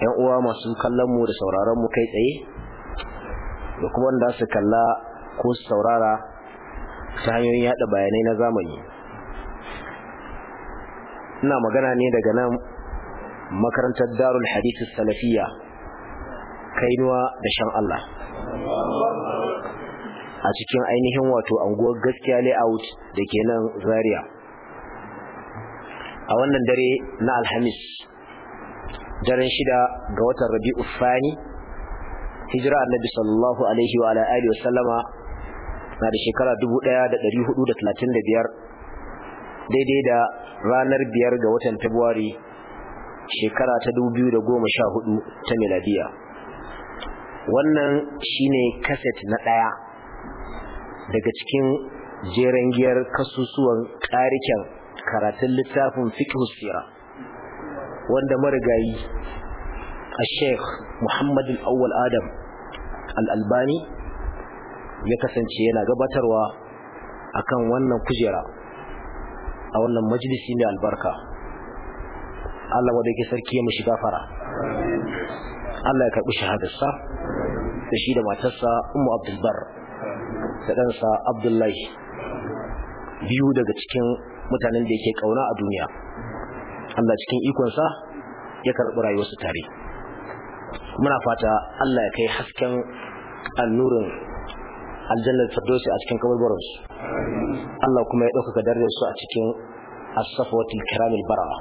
yan uwa masu kallon mu da sauraron mu kai tsaye da kuma wanda su kalla ko su saurara ta hanyoyin yada bayanai na zamani ina magana ne daga nan makarantar darul hadith Salafiya, kainuwa da shan Allah a cikin ainihin wato anguwar gaskiya layout da ke nan zaria a wannan dare na alhamis daren shida ga watan rabi'u fani hijira annabi sallallahu alaihi wa ala alihi wa sallama na da shekara 1435 daidai da ranar biyar ga watan Tabuwari, shekara ta 2014 ta miladiya wannan shine kaset na daya daga cikin jeren giyar kasusuwan karikin karatun littafin fiqh sirah wanda marigayi a sheikh muhammad awal adam al'albani ya kasance yana gabatarwa akan wannan kujera a wannan majalisi ne albarka Allah wadda yake sarki ya mashi gafara Allah ya karɓi shahadarsa da shi da matarsa umu Abdulbar da ɗansa Abdullahi biyu daga cikin mutanen da yake ƙauna a duniya Allah cikin ikonsa ya karɓi rayuwarsu tare muna fata Allah ya kai hasken annurin aljannar fardosi a cikin kabarbaransu Allah kuma ya ɗaukaka su a cikin as kiramil barawa.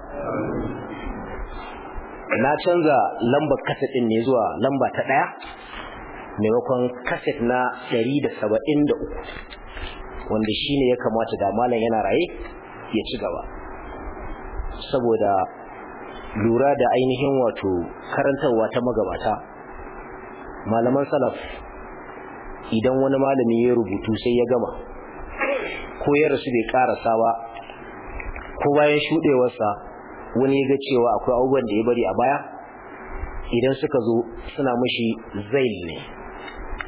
na canza lambar kaset ɗin ne zuwa lamba ta ɗaya maimakon kaset na 173 wanda ne ya kamata da malam yana raye ya ci gaba saboda lura da ainihin wato karantarwa ta magabata malaman salaf idan wani malami ya rubutu sai ya gama ko ya rasu bai karasa ba ko bayan shuɗewarsa wani ya ga cewa akwai abubuwan da ya bari a baya idan suka zo suna mashi zail ne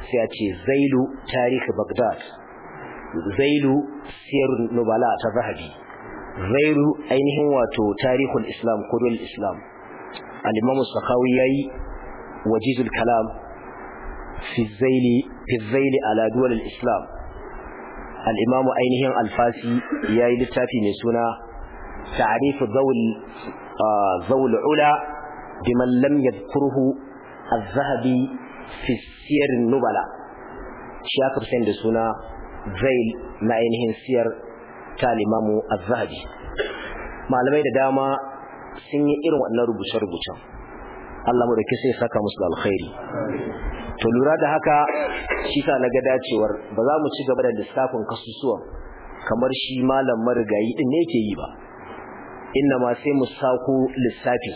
sai a ce zailu tarihi bagdad zailu siyar nubala ta zahabi ghairu ainihin wato tarihul islam kodul islam al-imam sakawi yayi wajizul kalam fi zaili fi ala islam al ainihin alfasi ya yayi littafi mai suna ta'rif zawul zawul ula biman lam yadhkuruhu az-zahabi fi siyar nubala shi da suna zail na ainihin siyar ta limamu azhabi malamai da dama sun yi irin wannan rubuce-rubucen Allah mu kisa ya saka musu alkhairi to lura da haka shi sa na ga dacewar ba za mu ci gaba da lissafin kasusuwan kamar shi malam marigayi din ne yake yi ba inna ma sai mu sako lissafi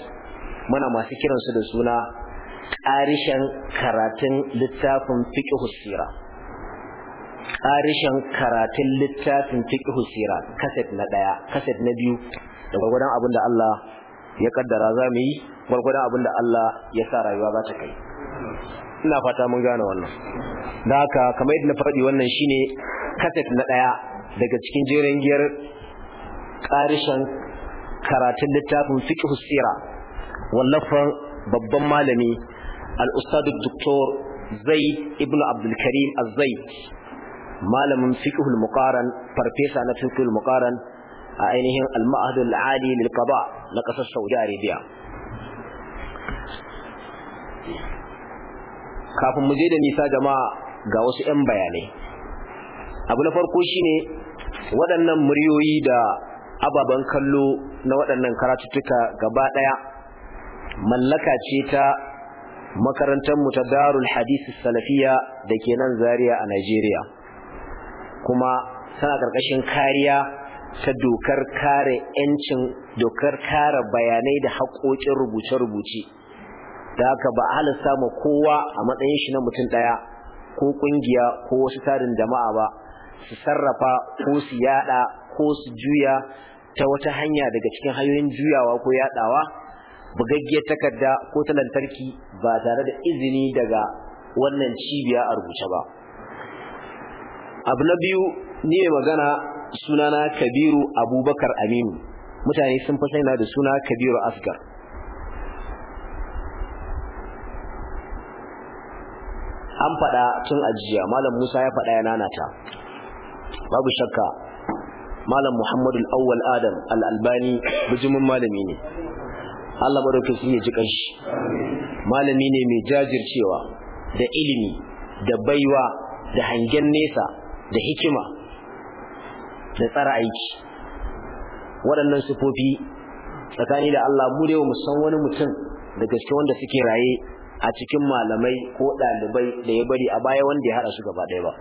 muna masu kiransu da suna ƙarishen karatun littafin fiqh sirah ƙarishin karatun littafin fiqh husira kaset na daya kaset na biyu da gwargwadon abin da Allah ya kaddara za mu yi gwargwadon abin da Allah ya sa rayuwa za ta kai ina fata mun gane wannan da haka kamar yadda na faɗi wannan shine kaset na ɗaya daga cikin jerin giyar ƙarishin karatun littafin fiqh husira wallafan babban malami al-ustad doktor zaid ibnu Abdulkarim karim malamin fiqhul muqaran farfesa na fiqhul muqaran a ainihin al-ma'had ali lil qada na kasar Saudi Arabia kafin mu je da nisa jama'a ga wasu 'yan bayanai abu na farko shine waɗannan muryoyi da ababen kallo na waɗannan karatuttuka gaba ɗaya mallaka ce ta makarantar mu ta Darul Hadith Salafiya da ke nan Zaria a Najeriya kuma suna ƙarƙashin kariya ta dokar kare yancin dokar kare bayanai da haƙoƙin rubuce-rubuce da haka ba halasta ma kowa a matsayin shi na mutum ɗaya ko ƙungiya ko wasu tarin jama'a ba su sarrafa ko su yada ko su juya ta wata hanya daga cikin hanyoyin juyawa ko yadawa bugaggiyar takarda ko ta lantarki ba tare da izini daga wannan cibiya a rubuce ba abu na biyu ni magana sunana kabiru abubakar aminu mutane sun fi saina da suna kabiru asgar an faɗa tun ajiya malam musa ya faɗa ya nanata babu shakka malam muhammadu al'awwal adam al'albani bijimin malami ne allah maɗaukaci ya ji ƙanshi malami ne mai jajircewa da ilimi da baiwa da hangen nesa da hikima da tsara aiki waɗannan sufofi tsakani da Allah mu dai wani mutum da gaske wanda suke raye a cikin malamai ko ɗalibai da ya bari a baya wanda ya haɗa su gaba ɗaya ba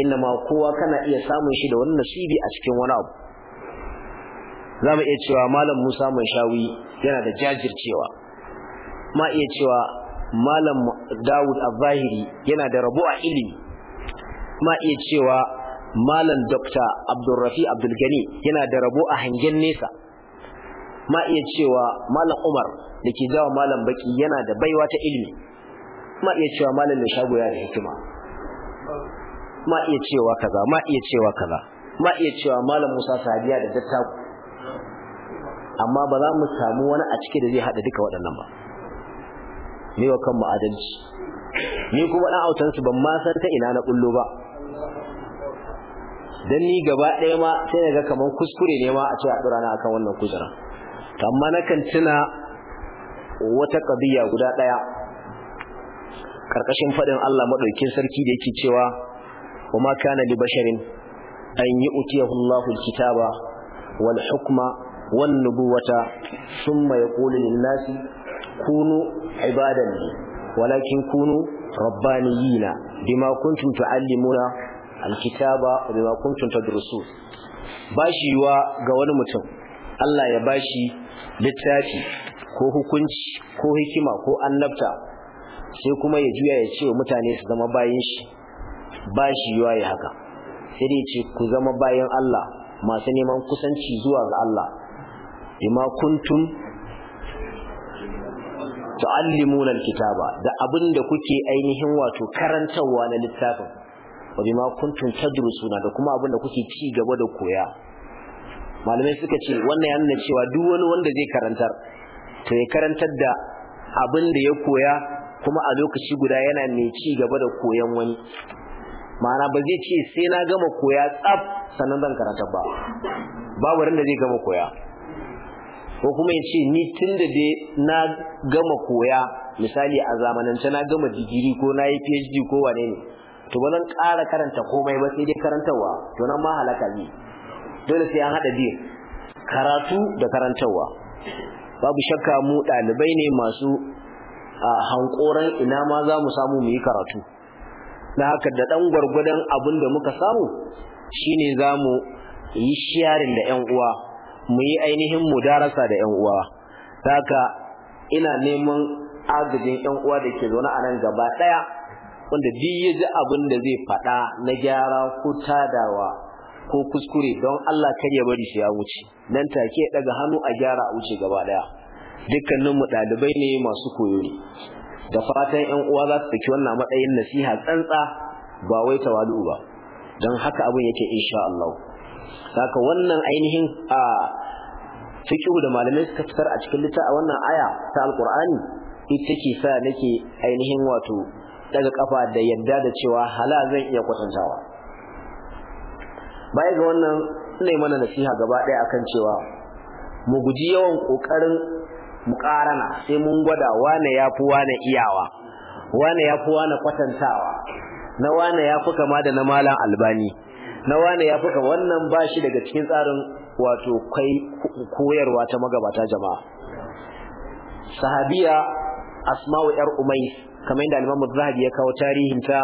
inna ma kowa kana iya samun shi da wani nasibi a cikin wani abu za mu iya cewa malam musa mai shawi yana da jajircewa ma iya cewa malam dawud a zahiri yana da rabo a ilimi ma iya cewa malam dr abdulrafi abdulgani yana da rabo a hangen nesa ma iya cewa malam umar da ke jawa malam baki yana da baiwa ta ilimi ma iya cewa malam da shago yana da hikima ma iya cewa kaza ma iya cewa kaza ma iya cewa malam musa sadiya da dattaku amma ba za mu samu wani a ciki da zai haɗa duka waɗannan ba ne wa kan ma'adalci. ni kuma ɗan autansu ban ma san ta ina na ƙullo ba dan ni gaba ɗaya ma sai ga kaman kuskure ne ma a ce a dora na akan wannan kujera amma kan tuna wata ƙabiya guda ɗaya karkashin faɗin Allah madaukin sarki da yake cewa wa ma kana li basharin an yu'tiyahu Allahu al-kitaba wal hukma wan nubuwata thumma yaqulu lin nasi kunu ibadan walakin kunu rabbaniyina bima kuntum tu'allimuna alkitaba bima kuntum tadrusun bashi wa ga wani mutum Allah ya bashi littafi ko hukunci ko hikima ko annabta sai kuma ya juya ya ce wa mutane su zama bayin shi bashi wa ya haka sai dai ce ku zama bayin Allah masu neman kusanci zuwa ga Allah bima kuntum tu'allimuna alkitaba da abin da kuke ainihin wato karantarwa na littafin wa bima kuntum tadrusuna da kuma abin da kuke ci gaba da koya malamai suka ce wannan yana cewa duk wani wanda zai karantar to ya karantar da abin da ya koya kuma a lokaci guda yana mai ci gaba da koyan wani ma'ana ba zai ce sai na gama koya tsaf sannan zan karantar ba babu da zai gama koya ko kuma ya ce ni tun da dai na gama koya misali a zamanance na gama digiri ko na yi phd ko wane ne to ba zan ƙara karanta komai ba sai dai karantarwa to nan ma halaka ne dole sai an haɗa biyu karatu da karantarwa babu shakka mu ɗalibai ne masu hankoran ina ma za mu samu mu yi karatu na haka da ɗan gwargwadon abin da muka samu shine za mu yi shiyarin da 'yan uwa mu yi ainihin mudarasa da 'yan uwa haka ina neman agajin 'yan uwa da ke zaune a nan gaba ɗaya wanda duk ya ji abin da zai faɗa na gyara ko tadawa ko kuskure don Allah kar ya bari shi ya wuce nan take ya daga hannu a gyara a wuce gaba daya mu ɗalibai ne masu koyo ne da fatan ƴan uwa za su saki wannan matsayin nasiha tsantsa ba wai tawadu ba don haka abin yake insha Allah haka wannan ainihin a fiqhu da malamai suka fitar a cikin littafin wannan aya ta alqur'ani ita ke sa nake ainihin wato daga kafa da yadda da cewa hala zan iya kwatantawa baya ga wannan ne mana nasiha gaba ɗaya akan cewa mu guji yawan kokarin ƙarana, sai mun gwada wane yafi wane iyawa wane yafi wane kwatantawa na wane yafi kama da na malam albani na wane yafi kama wannan bashi daga cikin tsarin wato kai koyarwa ta magabata jama'a sahabiya asma'u yar umayyah kamar yadda al-Imam zahabi ya kawo tarihin ta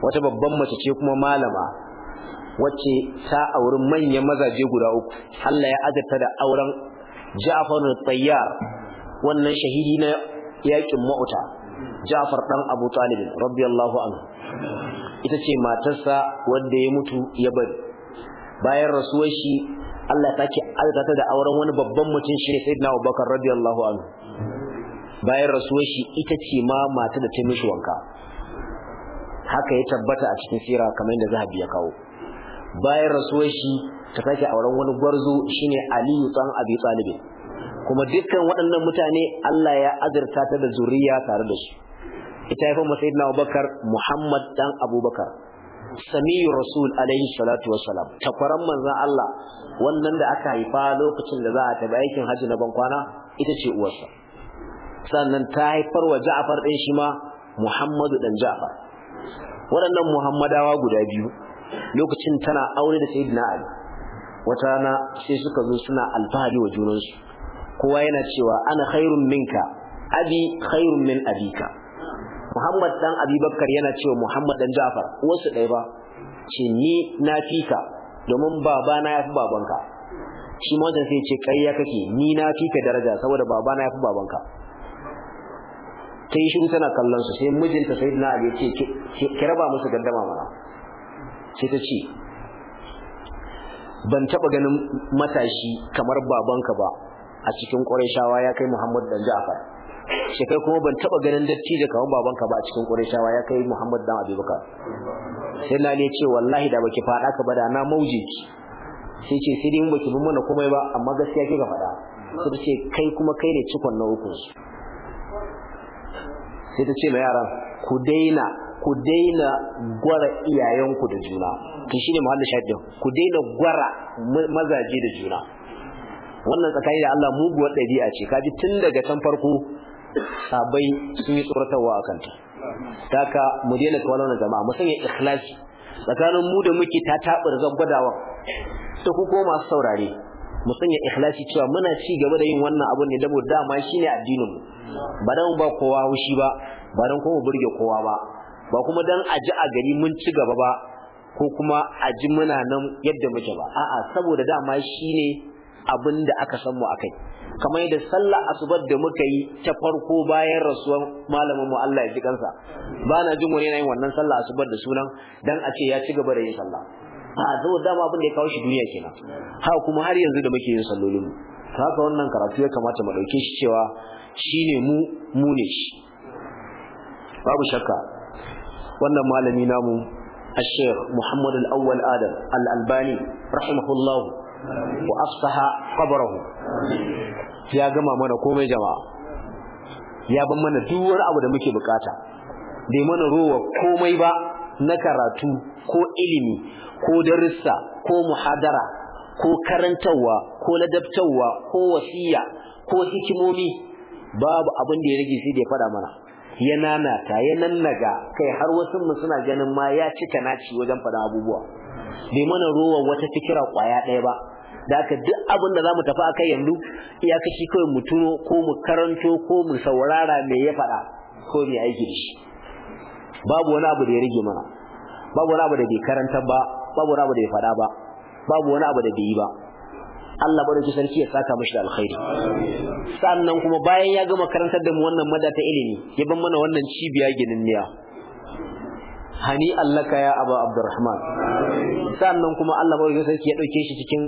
wata babban mace ce kuma malama wacce ta auri manyan mazaje guda uku Allah ya azarta da auren Ja'far al-Tayyar wannan shahidi na yakin mauta Ja'far dan Abu Talib radiyallahu anhu ita ce matarsa wanda ya mutu ya bari bayan rasuwar shi Allah ya sake azarta da auren wani babban mutum shi ne Sayyidina Abubakar radiyallahu anhu bayan rasuwar shi ita ce ma mata da ta mishi wanka haka ya tabbata a cikin sira kamar yadda zahabi ya kawo bayan rasuwar shi ta sake auren wani gwarzo shine aliyu dan abi talib kuma dukkan waɗannan mutane Allah ya azurta ta da zuriya tare da su ita haifar fama sayyidina abubakar muhammad dan abubakar samiyu rasul alaihi salatu wassalam takwaran manzon Allah wannan da aka haifa lokacin da za a tabi aikin hajji na bankwana ita ce uwarsa sannan ta haifar wa ja'afar ɗin shi ma Muhammadu ɗan ja'afar. waɗannan Muhammadawa guda biyu lokacin tana aure da Sayyidina Ali wata rana sai suka zo suna alfahari wa junansu kowa yana cewa ana khairun minka abi khairun min abika Muhammad dan Abi yana cewa Muhammad dan Ja'far wasu ɗaya ba ce ni na fi ka domin babana ya fi babanka shi ma sai ce ya kake ni na fi ka daraja saboda babana ya fi babanka ta yi shiru tana kallon su sai mijinta sai ali ya ce ki raba musu gaddama mana sai ta ce ban taba ganin matashi kamar babanka ba a cikin Qurayshawa ya kai Muhammad dan ja'afar shi kai kuma ban taba ganin dattijo kamar babanka ba a cikin Qurayshawa ya kai Muhammad dan Abubakar sai na ne ce wallahi da baki fada ka ba da na mauje ki sai ce sai dai in baki bin mana komai ba amma gaskiya kika fada sai ce kai kuma kai ne cikon na uku sai ta ce ma yaran ku daina ku daina gwara iyayenku da juna to shine muhallin shahidin ku daina gwara mazaje da juna wannan tsakani da Allah muguwar ɗabi'a ce kaji tun daga can farko sabai sun yi tsoratarwa a kanta taka mu daina kawo wannan jama'a mu sanya ikhlasi tsakanin mu da muke ta tabar zabbadawa ta ku masu saurare mu sanya ikhlasi cewa muna ci gaba da yin wannan abun ne dabo dama shine addinin mu ba dan ba kowa haushi ba ba dan kowa burge kowa ba ba kuma dan a ji a gari mun ci gaba ba ko kuma a ji muna nan yadda muke ba a'a saboda dama shine abin da aka san mu akai kamar da sallah asubar da muka yi ta farko bayan rasuwan malamin mu Allah ya ji kansa ba na jin wani yin wannan sallah asubar da sunan dan a ce ya ci gaba da yin sallah a saboda dama abin da ya kawo shi duniya kenan ha kuma har yanzu da muke yin sallolin mu haka wannan karatu ya kamata mu dauke shi cewa shi ne mu mu nebabu shakka wannan malami namu a shair muhammadu auwal adam al albani wa muassaha abrahu ya gama mana komai jama'a ya ba mana duk wani abu da muke bukata da mana ruwa komai ba na karatu ko ilimi ko darussa ko muhadara ko karantarwa ko ladabtarwa ko wasiya ko hikimomi babu abin da ya rage shi da ya fada mana ya nanata ya naga kai har wasu mu suna ganin ma ya cika naci wajen fada abubuwa bai mana ruwa wata fikira kwaya ɗaya ba da haka duk abin da mu tafi akai yanzu ya kashi kawai mu tuno ko mu karanto ko mu saurara me ya fada ko me aiki da shi babu wani abu da ya rage mana babu wani abu da bai karanta ba babu wani abu da ya fada ba babu wani abu da bai yi ba Allah madauki sarki ya saka mishi da alkhairi sannan kuma bayan ya gama karantar da mu wannan mada ta ilimi ya ban mana wannan cibiya gininniya hani ka ya aba abdurrahman sannan kuma Allah madauki sarki ya dauke shi cikin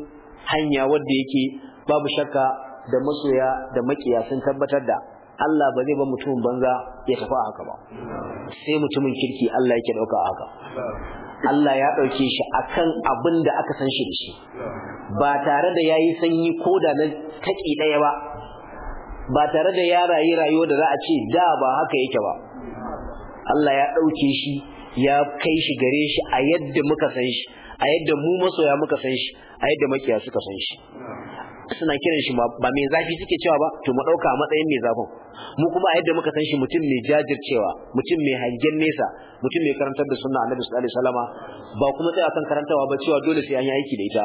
hanya wadda yake babu shakka da masoya da makiya sun tabbatar da Allah ba zai ba mutumin banza ya tafi a haka ba sai mutumin kirki Allah yake dauka a haka Allah ya ɗauke shi a kan abin da aka san shi da shi ba tare da ya yi sanyi ko da na taƙi ɗaya ba ba tare da ya rayu rayuwa da za a ce da ba haka yake ba Allah ya ɗauke shi ya kai shi gare shi a yadda muka san shi a yadda mu masoya muka san shi a yadda makiya suka san shi suna kiran shi ba mai zafi suke cewa ba to mu dauka a matsayin mai zafin mu kuma a yadda muka san shi mutum mai jajircewa mutum mai hangen nesa mutum mai karantar da sunna annabi sallallahu alaihi wasallama ba kuma sai akan karantawa ba cewa dole sai an yi aiki da ita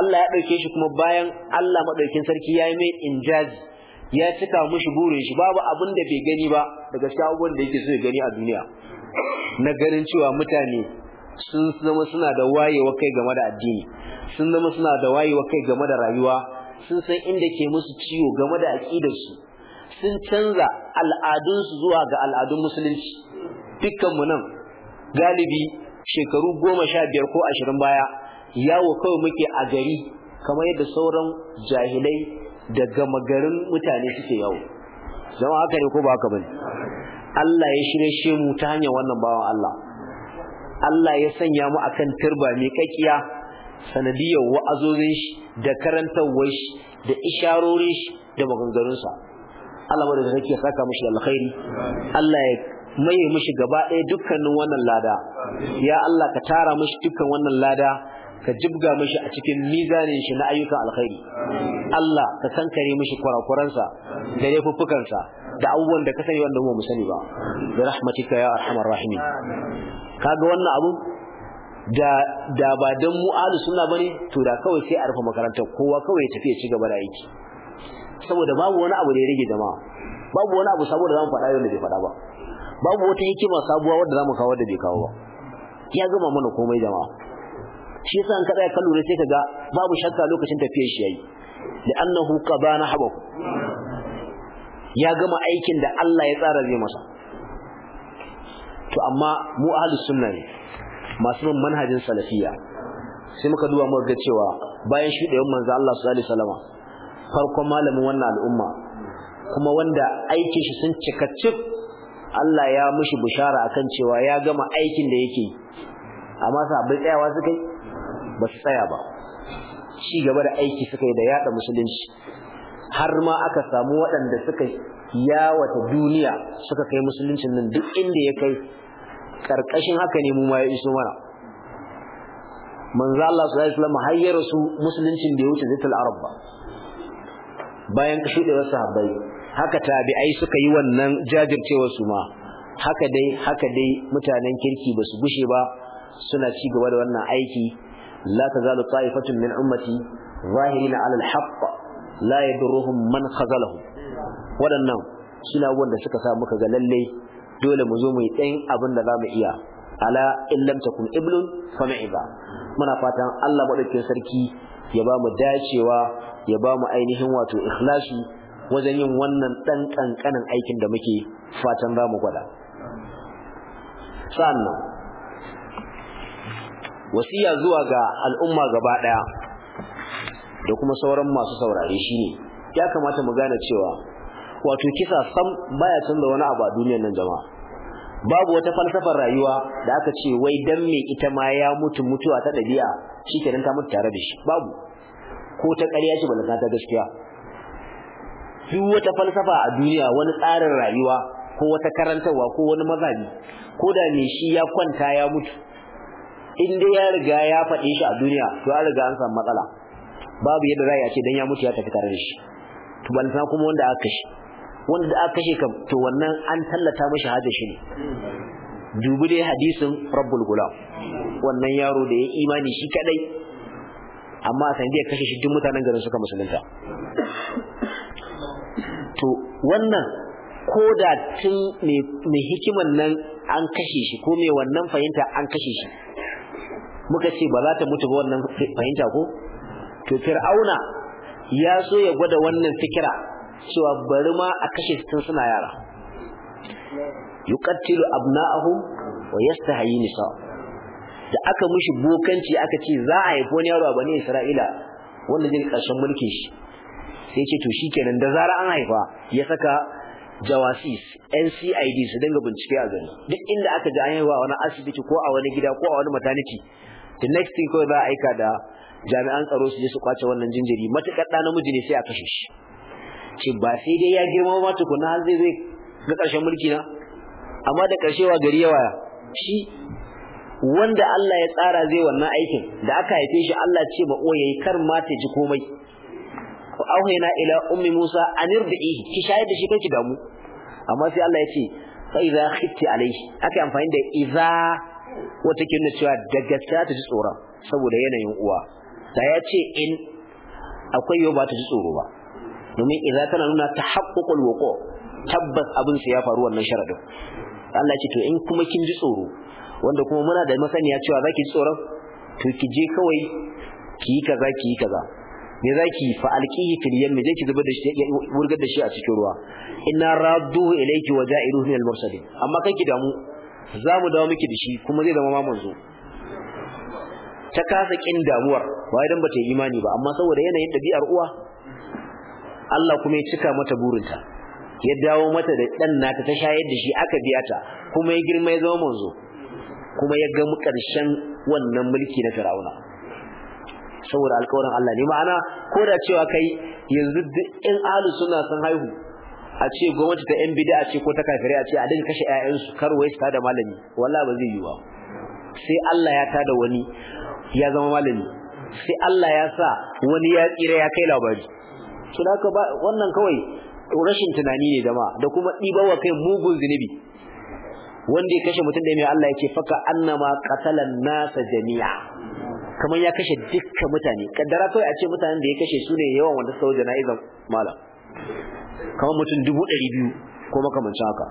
Allah ya dauke shi kuma bayan Allah madaukin sarki ya yi mai injaji ya cika mushi burin shi babu abin da bai gani ba daga sabuwar da yake so ya gani a duniya na ganin cewa mutane sun zama suna da wayewa kai game da addini sun zama suna da wayewa kai game da rayuwa sun san inda ke musu ciwo game da aƙidarsu sun canza al'adunsu zuwa ga al'adun musulunci dukkanmu nan galibi shekaru goma sha biyar ko ashirin baya yawo kawai muke a gari kamar yadda sauran jahilai da gama garin mutane suke yawo zama haka ne ko ba haka bane Allah ya shirye mu ta hanyar wannan bawan Allah Allah ya sanya mu akan turba mai kakkiya sanadiyar wa'azozin shi da karantawar shi da isharorin shi da maganganun sa Allah mu da kake saka mushi da alkhairi Allah ya mai mushi gaba ɗaya dukkanin wannan lada ya Allah ka tara mushi dukkan wannan lada ka jibga mushi a cikin mizanin shi na ayyukan alkhairi Allah ka kankare mishi kurakuransa da laifuffukansa da abubuwan da ka sani wanda mu sani ba bi rahmatika ya arhamar rahimin kaga wannan abun da da ba dan mu ahli sunna bane to da kawai sai a rufe makarantar kowa kawai ya tafi ya ci gaba da aiki saboda babu wani abu da ya rage jama'a babu wani abu saboda zamu faɗa yau da bai faɗa ba babu wata hikima sabuwa wadda zamu kawo da bai kawo ba ya gama mana komai jama'a shi yasa an kada ka lura sai kaga babu shakka lokacin tafiyar shi yayi da annahu qabana habahu ya gama aikin da Allah ya tsara zai masa to amma mu ahlus sunna ne masu bin manhajin salafiya sai muka duba muka ga cewa bayan shi da yawan manzo Allah sallallahu alaihi wasallam farkon malamin wannan al'umma kuma wanda aikin shi sun cika cik, Allah ya mishi bushara akan cewa ya gama aikin da yake amma bai tsayawa suka kai ba su tsaya ba ci gaba da aiki suka yi da yada musulunci har ma aka samu waɗanda suka yawata duniya suka kai musuluncin nan duk inda ya kai Ƙarƙashin haka ne mu ma ya iso mana manzo Allah sallallahu alaihi wasallam su musuluncin da ya wuce zatul arab ba bayan kashi da sahabbai haka tabi'ai suka yi wannan jajircewar su ma haka dai haka dai mutanen kirki basu gushe ba suna ci gaba da wannan aiki la tazalu ta'ifatun min ummati zahirina 'ala al-haqq la yadurruhum man khazalahu waɗannan suna wanda suka sa muka ga lalle dole mu zo mu yi abin da za mu iya ala in takun iblun fa ma'iba muna fatan Allah madaukakin sarki ya ba mu dacewa ya ba mu ainihin wato ikhlasi wajen yin wannan dan kankanin aikin da muke fatan za mu gwada sannan wasiya zuwa ga al'umma gaba daya da kuma sauran masu saurare ne, ya kamata mu gane cewa wato kisa sam baya canza wani abu a duniyar nan jama'a babu wata falsafar rayuwa da aka ce wai dan me ita ma ya mutu mutuwa ta dabi'a shikenan ta mutu tare da shi babu ko ta ƙarya ce balanta ta gaskiya duk wata falsafa a duniya wani tsarin rayuwa ko wata karantarwa ko wani mazabi ko da me shi ya kwanta ya mutu in dai ya riga ya faɗe shi a duniya to an riga an samu matsala babu yadda za a ce dan ya mutu ya tafi tare da shi to ban san kuma wanda aka kashe wanda da aka kashe kam to wannan an tallata mashi hajjar shi ne dubi dai hadisin rabbul gulam wannan yaro da ya imani shi kadai amma a sanadiyar kashe shi duk mutanen garin suka musulunta to wannan ko da tun mai hikiman nan an kashe shi ko mai wannan fahimta an kashe shi muka ce ba za ta mutu ba wannan fahimta ko to fir'auna ya so ya gwada wannan fikira cewa bari ma a kashe su tun suna yara yuqattilu abna'ahum wa yastahyi nisa da aka mishi bokanci aka ce za a yi wani yaro a bani Isra'ila wanda zai karshen mulki shi sai ce to shikenan da zara an haifa ya saka jawasis NCID su dinga bincike a gani duk inda aka ji an yi wa wani asibiti ko a wani gida ko a wani maternity the next thing kawai za a aika da jami'an tsaro su je su kwace wannan jinjiri matuƙar ɗa namiji ne sai a kashe shi ce ba sai dai ya girma ma tukuna har zai zai ga ƙarshen mulki na amma da ƙarshe wa gari yawa shi wanda Allah ya tsara zai wannan aikin da aka haife shi Allah ce ba ya yayi kar ma ta ji komai auhayna ila ummi Musa bi ki shayar da shi kanki damu amma sai Allah ya ce fa idza khifti alayhi aka amfani da idza wata kinna cewa da gaskiya ta ji tsoron saboda yanayin uwa da ya ce in akwai yau ba ta ji tsoro ba domin idan tana nuna ta haƙƙoƙul waƙo tabbas abin su ya faru wannan sharaɗin Allah ce to in kuma kin ji tsoro wanda kuma muna da masaniya cewa za ki ji tsoron to ki je kawai ki yi kaza ki yi kaza me za ki fa alqihi fil yam je ki zubar da shi ya wurgar da shi a cikin ruwa inna radduhu ilayki wa ja'iluhu min al-mursalin amma kai ki damu za mu dawo miki da shi kuma zai zama ma manzo ta kasa kin damuwar ba idan bata yi imani ba amma saboda yanayin dabi'ar uwa Allah kuma ya cika mata burinta ya dawo mata da dan nata ta shayar da shi aka biya ta kuma ya girma ya zama manzo kuma ya ga karshen wannan mulki na Firauna saboda alƙawarin Allah ne ma'ana ko da cewa kai yanzu duk in alu suna san haihu a ce gwamnati ta yan bid'a ce ko ta kafirai a ce a dinga kashe ƴaƴansu kar wai su da malami wallahi ba zai yi ba sai Allah ya tada wani ya zama malami sai Allah ya sa wani ya tsira ya kai labari to da ba wannan kawai rashin tunani ne jama'a da kuma dibawa kai mugun zinubi wanda ya kashe mutum da mai Allah yake faka annama qatalan nasa jami'a kamar ya kashe dukkan mutane kaddara kai a ce mutanen da ya kashe su ne yawan wanda suka jana'izan malam kamar mutum dubu biyu ko makamancin haka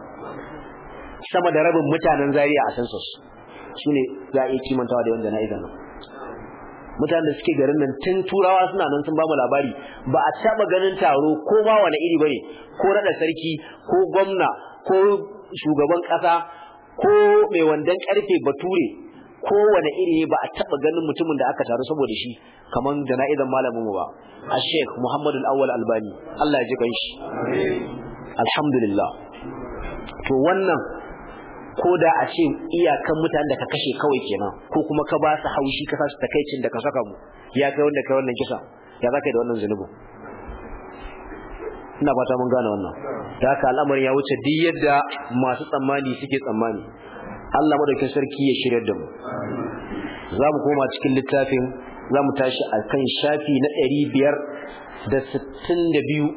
sama da rabin mutanen Zariya a census su ne za a iya kimantawa da yawan jana'izan nan mutanen da suke garin nan tun turawa suna nan sun bamu labari ba a taba ganin taro ko ba wani iri bane ko rada sarki ko gwamna ko shugaban kasa ko mai wandan karfe bature ko wani iri ba a taba ganin mutumin da aka taru saboda shi kaman jana'izan malamin mu ba a Sheikh Muhammad Al-Awwal Albani Allah ya ji kanshi alhamdulillah to wannan ko da a ce iyakan mutanen da ka kashe kawai kenan ko kuma ka ba su haushi ka sa su takaicin da ka saka mu ya kai wanda kai wannan kisa ya zaka yi da wannan zunubu? ina fata mun gane wannan da haka al'amarin ya wuce duk yadda masu tsammani suke tsammani Allah madaukakin sarki ya shirya da mu za mu koma cikin littafin za mu tashi a kan shafi na ɗari biyar da sittin da biyu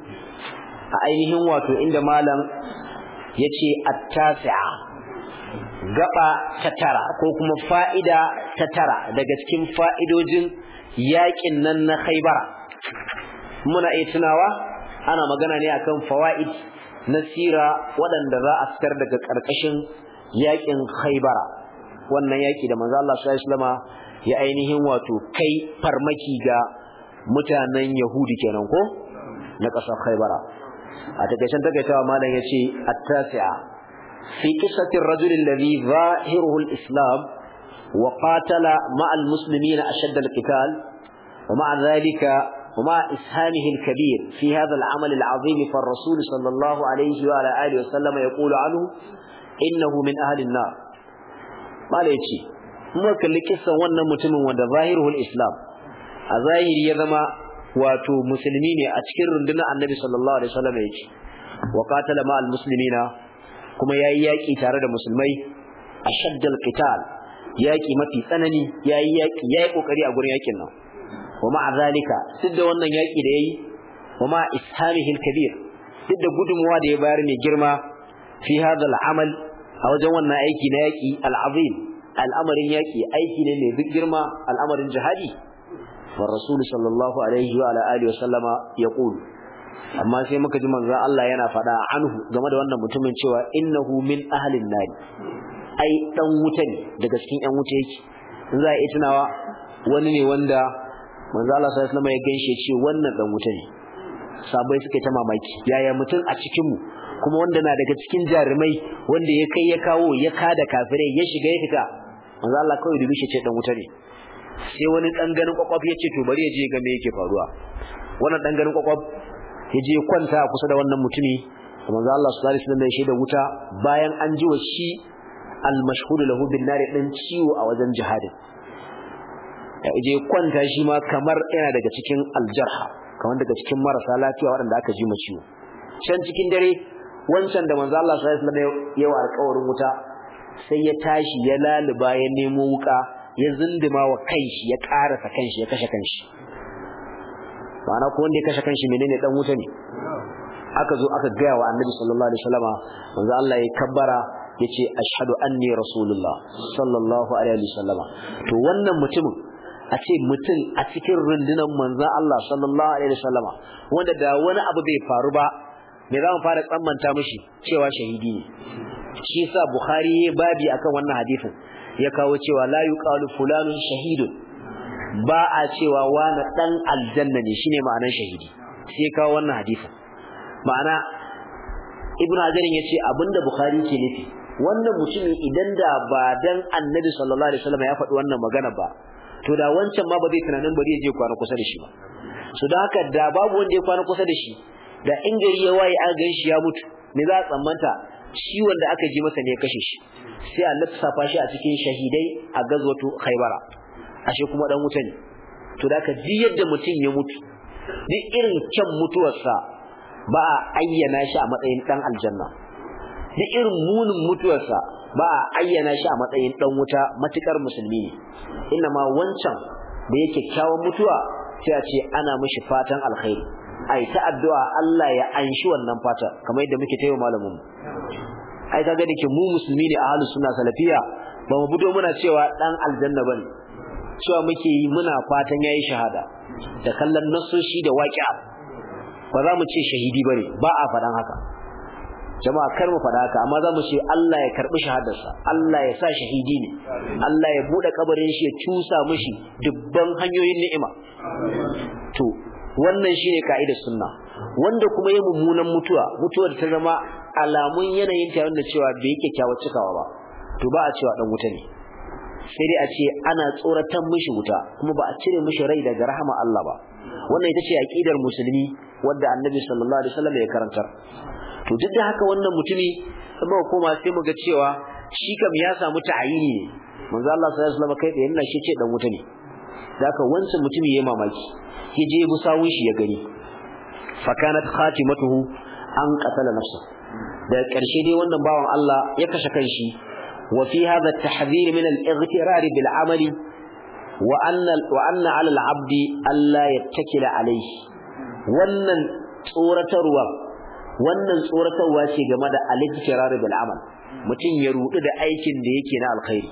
a ainihin wato inda malam ya ce attasi'a gaba ta tara ko kuma fa'ida ta tara daga cikin fa'idojin yaƙin nan na Khaibara muna iya tunawa ana magana ne akan fawaid na sira waɗanda za a fitar daga ƙarƙashin yaƙin Khaibara wannan yaƙi da manzo Allah sallallahu alaihi ya ainihin wato kai farmaki ga mutanen Yahudi kenan ko na ƙasar haibara? a takaicen takaitawa malam ya ce at-tasi'a في قصة الرجل الذي ظاهره الإسلام وقاتل مع المسلمين أشد القتال ومع ذلك ومع إسهامه الكبير في هذا العمل العظيم فالرسول صلى الله عليه وعلى آله وسلم يقول عنه إنه من أهل النار ما ليتي ممكن لكسة وانا متم وانا ظاهره الإسلام الظاهر يذما واتو مسلمين أتكر لنا النبي صلى الله عليه وسلم يجي وقاتل مع المسلمين kuma yayi yaƙi tare da musulmai a shaddal qital yaƙi mafi tsanani yayi yaki yayi ƙoƙari a gurin yakin nan wa ma'a zalika duk da wannan yaki da yayi wa ma'a ishamihi kabir duk da gudunmuwa da ya bayar mai girma fi hadha al'amal a wajen wannan aiki na yaki al'azim al'amarin yaki aiki ne mai girma al'amarin jihadi wa rasul sallallahu alaihi wa alihi wa sallama amma sai muka ji manzon Allah yana faɗa anhu game da wannan mutumin cewa innahu min ahlin nar ai dan wuta ne daga cikin yan wuta yake in za a yi tunawa wani ne wanda manzon Allah sallallahu alaihi ya ganshe ce wannan dan wuta ne sabai suke ta mamaki yaya mutum a cikin mu kuma wanda na daga cikin jarumai wanda ya kai ya kawo ya kada kafirai ya shiga ya fita manzo Allah kawai da bishe ce dan wuta ne sai wani dan ganin kwakwaf ya ce to bari ya je ga me yake faruwa wannan dan ganin kwakwaf ya je kwanta a kusa da wannan mutumi manzo Allah sallallahu alaihi wasallam ya shaida wuta bayan an ji wa shi al-mashhud lahu bin nar din ciwo a wajen jihadin ya je kwanta shi ma kamar yana daga cikin aljarha kamar daga cikin marasa lafiya waɗanda aka ji ma ciwo can cikin dare wancan da manzo Allah sallallahu alaihi wasallam ya wa alƙawarin wuta sai ya tashi ya laluba ya nemo wuka ya zindima wa kanshi ya karasa kanshi ya kashe kanshi ma'ana ko wanda ya kashe kanshi menene dan wuta ne aka zo aka gaya wa annabi sallallahu alaihi wasallama manzo Allah ya kabbara yace ashhadu anni rasulullah sallallahu alaihi wasallama to wannan mutumin a ce mutum a cikin rundunar manzon Allah sallallahu alaihi wasallama wanda da wani abu bai faru ba me za mu fara tsammanta mishi cewa shahidi ne shi yasa bukhari babi akan wannan hadisin ya kawo cewa la yuqalu fulanun shahidun ba a cewa wani dan aljanna ne shine ma'anar shahidi sai kawo wannan hadisi ma'ana ibn hajar yace abinda bukhari ke nufi wannan mutumin idan da ba dan annabi sallallahu alaihi wasallam ya faɗi wannan magana ba to da wancan ma ba zai tunanin ba zai je kwana kusa da shi ba so da haka da babu wanda ya kwana kusa da shi da in gari ya waye an gan shi ya mutu ne za a tsammanta ciwon da aka ji masa ne ya kashe shi sai a lissafa shi a cikin shahidai a gazwatu khaybara ashe kuma dan wuta ne to da ka ji yadda mutum ya mutu duk irin kyan mutuwarsa ba a ayyana shi a matsayin dan aljanna duk irin munin mutuwarsa ba a ayyana shi a matsayin dan wuta matukar musulmi ne inna ma wancan da yake kyawun mutuwa sai a ce ana mishi fatan alkhairi ai ta addu'a Allah ya anshi wannan fata kamar yadda muke tayo malamin ai kaga dake mu musulmi ne a halu sunna salafiya ba mu budo muna cewa dan aljanna bane cewa muke yi muna fatan yayi shahada da kallon nasoshi da waƙi'a ba za mu ce shahidi bane ba a faɗan haka jama'a kar mu faɗa haka amma za mu ce Allah ya karɓi shahadarsa Allah ya sa shahidi ne Allah ya bude kabarin shi ya cusa mushi dubban hanyoyin ni'ima to wannan shine ka'idar sunna wanda kuma ya mummunan mutuwa mutuwa da ta zama alamun yanayin ta wanda cewa bai yake kyawar cikawa ba to ba a cewa dan wuta ne sai dai a ce ana tsoratan mishi wuta kuma ba a cire mishi rai daga rahama Allah ba wannan ita ce aqidar musulmi wanda annabi sallallahu alaihi wasallam ya karantar to duk da haka wannan mutumi kuma koma sai mu ga cewa shi kam ya samu ta'ayini ne manzo Allah sallallahu alaihi wasallam kai da yana shi ce dan wuta ne zaka wancan mutumi ya mamaki ya je musawun shi ya gani kanat khatimatuhu an qatala nafsa da ƙarshe dai wannan bawan Allah ya kashe kanshi وفي هذا التحذير من الاغترار بالعمل وأن, وأن على العبد ألا يتكل عليه wannan tsoratarwa wannan tsoratarwa ce game da al-iktirar bil amal mutum ya rudu da aikin da yake na alkhairi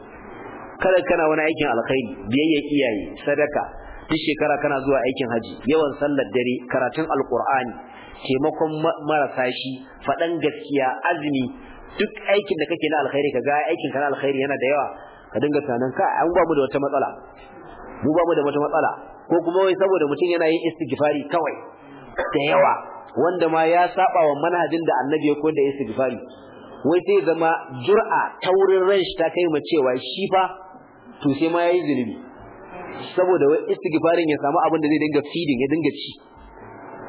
kada kana wani aikin alkhairi biyayya iyaye sadaka duk shekara kana zuwa aikin haji yawan sallar dare karatun alqur'ani taimakon marasa shi faɗan gaskiya azumi duk aikin da kake na alkhairi kaga aikin na alkhairi yana da yawa ka dinga tunanin ka an ba mu da wata matsala mu ba mu da wata matsala ko kuma wai saboda mutum yana yin istighfari kawai da yawa wanda ma ya saba wa manhajin da annabi ya koyar da istighfari wai sai zama jur'a taurin ran shi ta kai mu cewa shi fa to sai ma yayi zulubi saboda wai istighfarin ya samu abin da zai dinga feeding ya dinga ci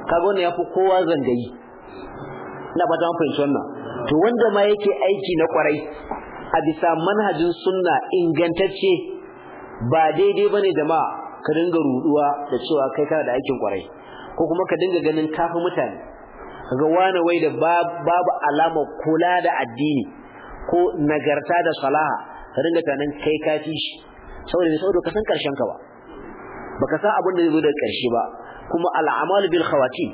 kaga wannan yafi kowa zangayi ina ba ta fahimci wannan to wanda ma yake aiki na kwarai a bisa manhajin sunna ingantacce ba daidai bane ma ka dinga ruduwa da cewa kai kana da aikin kwarai ko kuma ka dinga ganin kafi mutane ga wani wai da babu alamar kula da addini ko nagarta da salaha ka dinga tanan kai ka fi shi saboda saboda ka san karshen ka ba baka san abin da zai zo daga karshe ba kuma al'amal bil khawati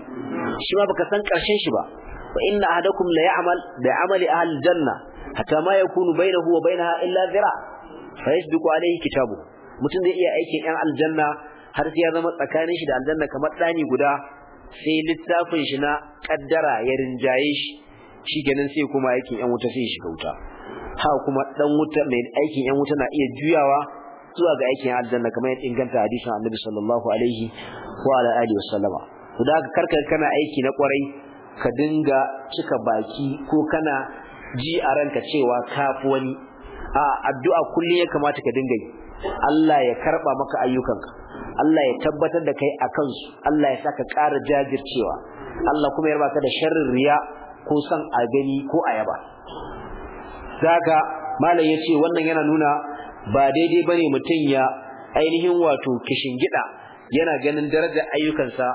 shi ma baka san karshen shi ba fa inna ahadakum la ya'mal bi amali ahli janna hatta ma yakunu bainahu wa bainaha illa zira fa yashduqu alayhi kitabu mutum zai iya aikin ƴan aljanna har sai ya zama tsakanin shi da aljanna kamar dani guda sai littafin shi na ƙaddara ya rinjaye shi shi shikenan sai kuma aikin ƴan wuta sai shiga wuta ha kuma ɗan wuta mai aikin ƴan wuta na iya juyawa zuwa ga aikin aljanna kamar yadda inganta hadisin Annabi sallallahu alaihi wa ala alihi wasallama to da karka kana aiki na kwarai ka dinga cika baki ko kana ji a ranka cewa kafi wani a addu'a kullum ya kamata ka dinga yi Allah ya karba maka ayyukanka Allah ya tabbatar da kai a su Allah ya saka ƙara jajircewa Allah kuma ya raba ka da sharrin riya ko san a gani ko a yaba zaka malam ce wannan yana nuna ba daidai ba ne mutum ya ainihin wato kishin gida yana ganin darajar ayyukansa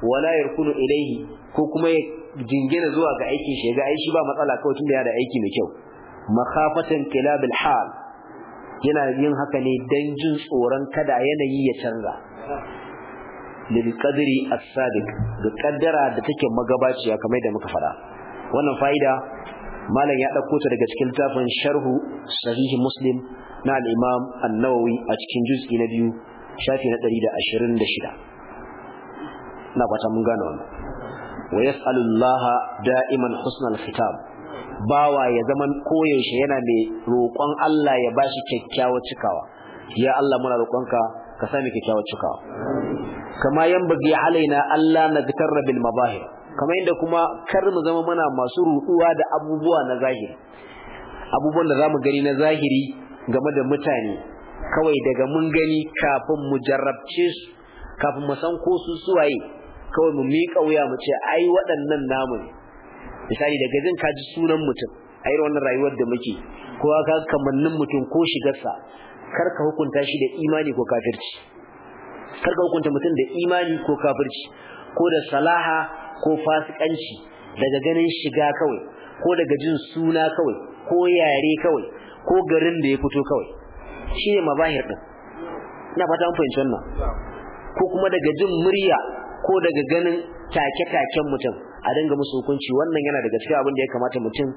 wala yarkunu ilaihi ko kuma ya jingina zuwa ga aikin shi ga aishi ba matsala kawai da ya da aiki mai kyau makhafatan kilabil hal yana yin haka ne dan jin tsoron kada yanayi ya canza lil qadri as-sadiq da kaddara da take magabaciya kamar da muka faɗa wannan fa'ida malam ya ɗauko ta daga cikin tafin sharhu sahihi muslim na al-imam an-nawawi a cikin juz'i na biyu shafi na 126 na kwata mun gano wannan wa yas'alullaha da'iman husnal khitab bawa ya zaman koyaushe yana mai roƙon Allah ya bashi kyakkyawa cikawa ya Allah muna roƙonka ka sami kyakkyawa cikawa kama yanbaghi alaina Allah na zikarra bil mabahir kama inda kuma kar mu zama muna masu ruduwa da abubuwa na zahiri abubuwan da zamu gani na zahiri game da mutane kawai daga mun gani kafin mu jarrabce kafin mu san ko su suwaye kawai mu miƙa wuya mu ce ai waɗannan namu ne misali daga jin ka ji sunan mutum a wannan rayuwar da muke ko ka kamannin mutum ko shigarsa kar ka hukunta shi da imani ko kafirci kar ka hukunta mutum da imani ko kafirci ko da salaha ko fasikanci daga ganin shiga kawai ko daga jin suna kawai ko yare kawai ko garin da ya fito kawai Shi ne mabahir ɗin, ina fata mun fahimci wannan ko kuma daga jin murya ko daga ganin take-taken mutum a dinga musu hukunci wannan yana daga cikin abin da ya kamata mutum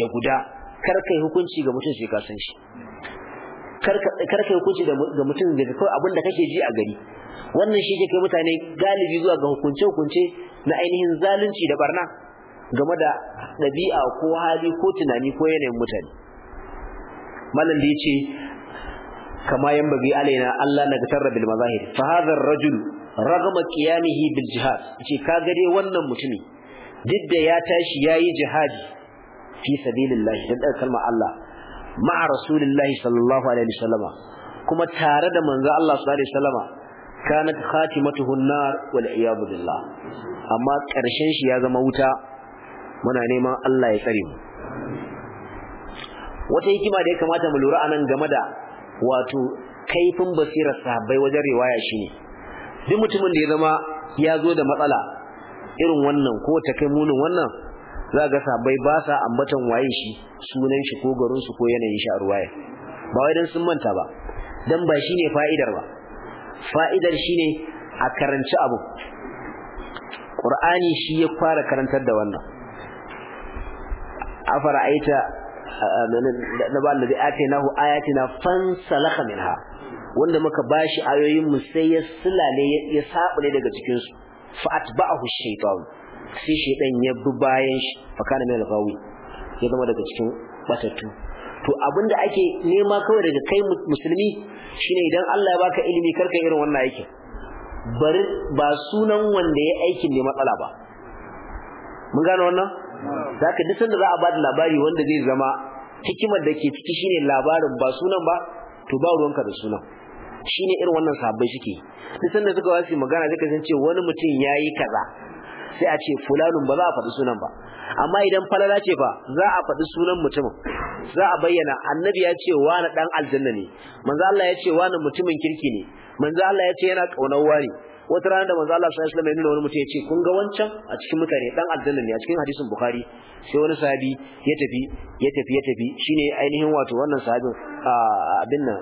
ya guda kar kai hukunci ga mutum sai ka san shi kar kai hukunci ga mutum da kawai abin da kake ji a gari wannan shi ke kai mutane galibi zuwa ga hukunce-hukunce na ainihin zalunci da barna game da ɗabi'a ko hali ko tunani ko yanayin mutane malam da yace kama yan bagi alaina Allah na gatarra bil mazahir fa hadha ar-rajul ragama qiyamihi bil jihad yace ka ga wannan mutumi duk da ya tashi yayi jihadi fi sabilillah dan kalma Allah ma'a rasulillahi sallallahu alaihi wasallama kuma tare da manzo Allah sallallahu alaihi wasallama kanat khatimatuhu nar wal iyad billah amma karshen shi ya zama wuta muna neman Allah ya tsare mu wata hikima da ya kamata mu lura anan game da wato kaifin basirar sahabbai wajen riwaya shine duk mutumin da ya zama ya zo da matsala irin wannan ko ta kai munin wannan za ga sabai ba sa ambatan waye shi sunan shi ko garin su ko yanayin shi a ruwaya ba wai dan sun manta ba dan ba shine fa'idar ba fa'idar shine a karanci abu Qur'ani shi ya fara karantar da wannan afara aita da ba alladhi atainahu ayatina fansalakha minha wanda muka bashi ayoyin mu sai ya sulale ya ne daga cikin su fa atba'ahu shaytan sai shaytan ya bi bayan shi fa kana mai al ya zama daga cikin batatu to abinda ake nema kawai daga kai musulmi shine idan Allah ya baka ilimi karka irin wannan aikin bari ba sunan wanda ya aikin ne matsala ba mun gano wannan zaka duk sanda za a ba da labari wanda zai zama hikimar da ke ciki shine labarin ba sunan ba to ba ruwanka da sunan ne irin wannan ke suke duk da suka wasu magana zai kasance ce wani mutum ya yi kaza sai a ce fulanun ba za a faɗi sunan ba amma idan falala ce fa za a faɗi sunan mutumin za a bayyana annabi ya ce wani ɗan aljanna ne manzo Allah ya ce wani mutumin kirki ne manzo Allah ya ce yana ƙaunar wani wata rana da manzo Allah sallallahu alaihi wasallam ya nuna wani mutum ya ce kun ga wancan a cikin mutane dan aljanna ne a cikin hadisin bukhari sai wani sahabi ya tafi ya tafi ya tafi shine ainihin wato wannan sahabin abin nan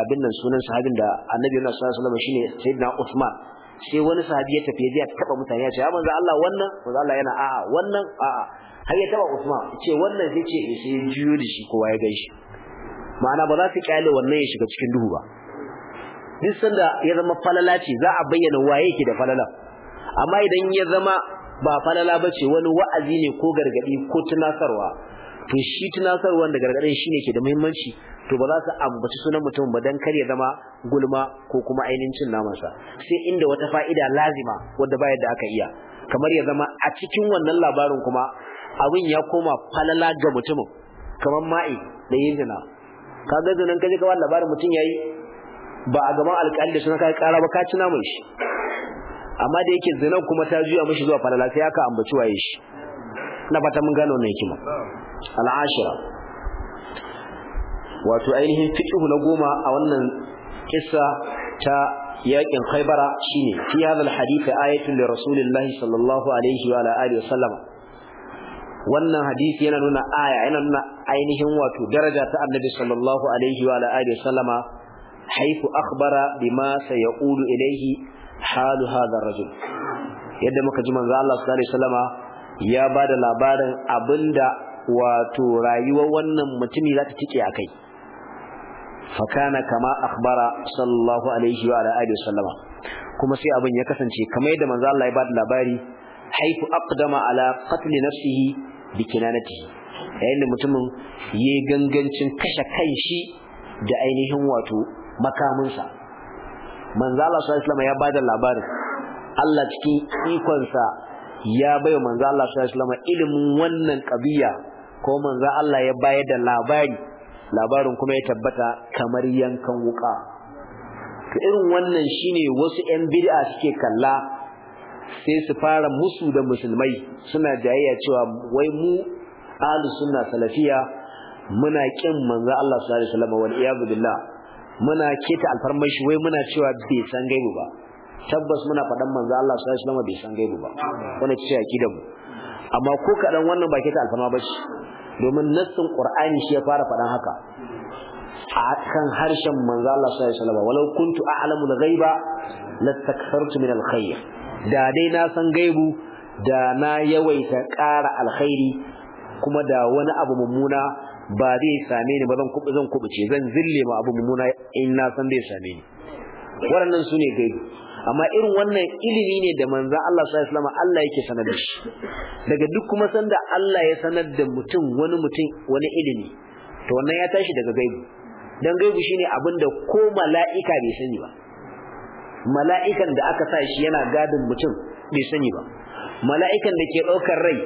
abin nan sunan sahabin da annabi sallallahu alaihi wasallam shine sayyidina Usman. sai wani sahabi ya tafi ya taba mutane ya ce ya manzo Allah wannan manzo Allah yana a'a wannan a'a har ya taba Usman ce wannan zai ce eh, sai juyo da shi kowa ya gaishe ma'ana ba za su kyale wannan ya shiga cikin duhu ba duk sanda ya zama falala ce za a bayyana waye ke da falala amma idan ya zama ba falala ba ce, wani wa'azi ne ko gargadi ko tunasarwa to shi tunasarwa da gargadin ne ke da muhimmanci to ba za su ambaci sunan mutum ba dan kar ya zama gulma ko kuma ainihin cin namansa sai inda wata fa'ida lazima wanda ba yadda aka iya kamar ya zama a cikin wannan labarin kuma abin ya koma falala ga mutumin kamar ma'i da yin zina kaga zinan ji kawai labarin mutum ya yi. ba a gaban alƙali da suna kai ƙara ba ka ci namun shi amma da yake zinan kuma ta juya mishi zuwa falala sai aka ambaci waye shi na fata mun gano wannan hikima al'ashira wato ainihin fiqhu na goma a wannan kissa ta yakin khaybara shine fi hadha alhadith ayatun li rasulillah sallallahu alaihi wa ala alihi wasallam wannan hadisi yana nuna aya yana nuna ainihin wato daraja ta annabi sallallahu alaihi wa ala alihi wasallama haifu akhbara bima sayaqulu ilayhi halu hadha rajul yadda muka ji manzo Allah sallallahu alaihi wasallama ya bada labarin abinda wato rayuwar wannan mutumi zata tike akai fa kana kama akhbara sallallahu alaihi wa ala alihi wasallama kuma sai abin ya kasance kamar yadda manzo Allah ya bada labari haifu aqdama ala qatl nafsihi bi kinanatihi yayin da mutumin yayi gangancin kashe kanshi da ainihin wato makaminsa manzo Allah sallallahu alaihi ya bada labarin Allah cikin ikonsa ya bai manzo Allah sallallahu alaihi ilimin wannan kabiya ko manzo Allah ya bayar da labari labarin kuma ya tabbata kamar yankan wuka to irin wannan shine wasu ƴan bid'a suke kalla sai su fara musu da musulmai suna jayayya cewa wai mu ahlus sunna salafiya muna kin manzo Allah sallallahu alaihi wasallam wal iyad billah muna keta alfarmar shi wai muna cewa bai san gaibu ba tabbas muna faɗan manzo Allah sallallahu alaihi wasallam bai san gaibu ba wannan ce akidar mu amma ko kadan wannan ba keta alfarma ba shi domin nassin qur'ani shi ya fara faɗan haka a kan harshen manzo Allah sallallahu alaihi wasallam walau kuntu a'lamu al-ghaiba lastakthartu min al-khair da dai na san gaibu da na yawaita ƙara alkhairi kuma da wani abu mummuna ba zai same ni ba zan kubu zan kubuce zan zille ma abu mummuna in na san zai same ni waɗannan su ne gaibi amma irin wannan ilimi ne da manzo Allah sallallahu alaihi Allah yake sanar da shi daga duk kuma sanda Allah ya sanar da mutum wani mutum wani ilimi to wannan ya tashi daga gaibi dan gaibi shine abin da ko mala'ika bai sani ba mala'ikan da aka sa shi yana gadin mutum bai sani ba mala'ikan da ke ɗaukar rai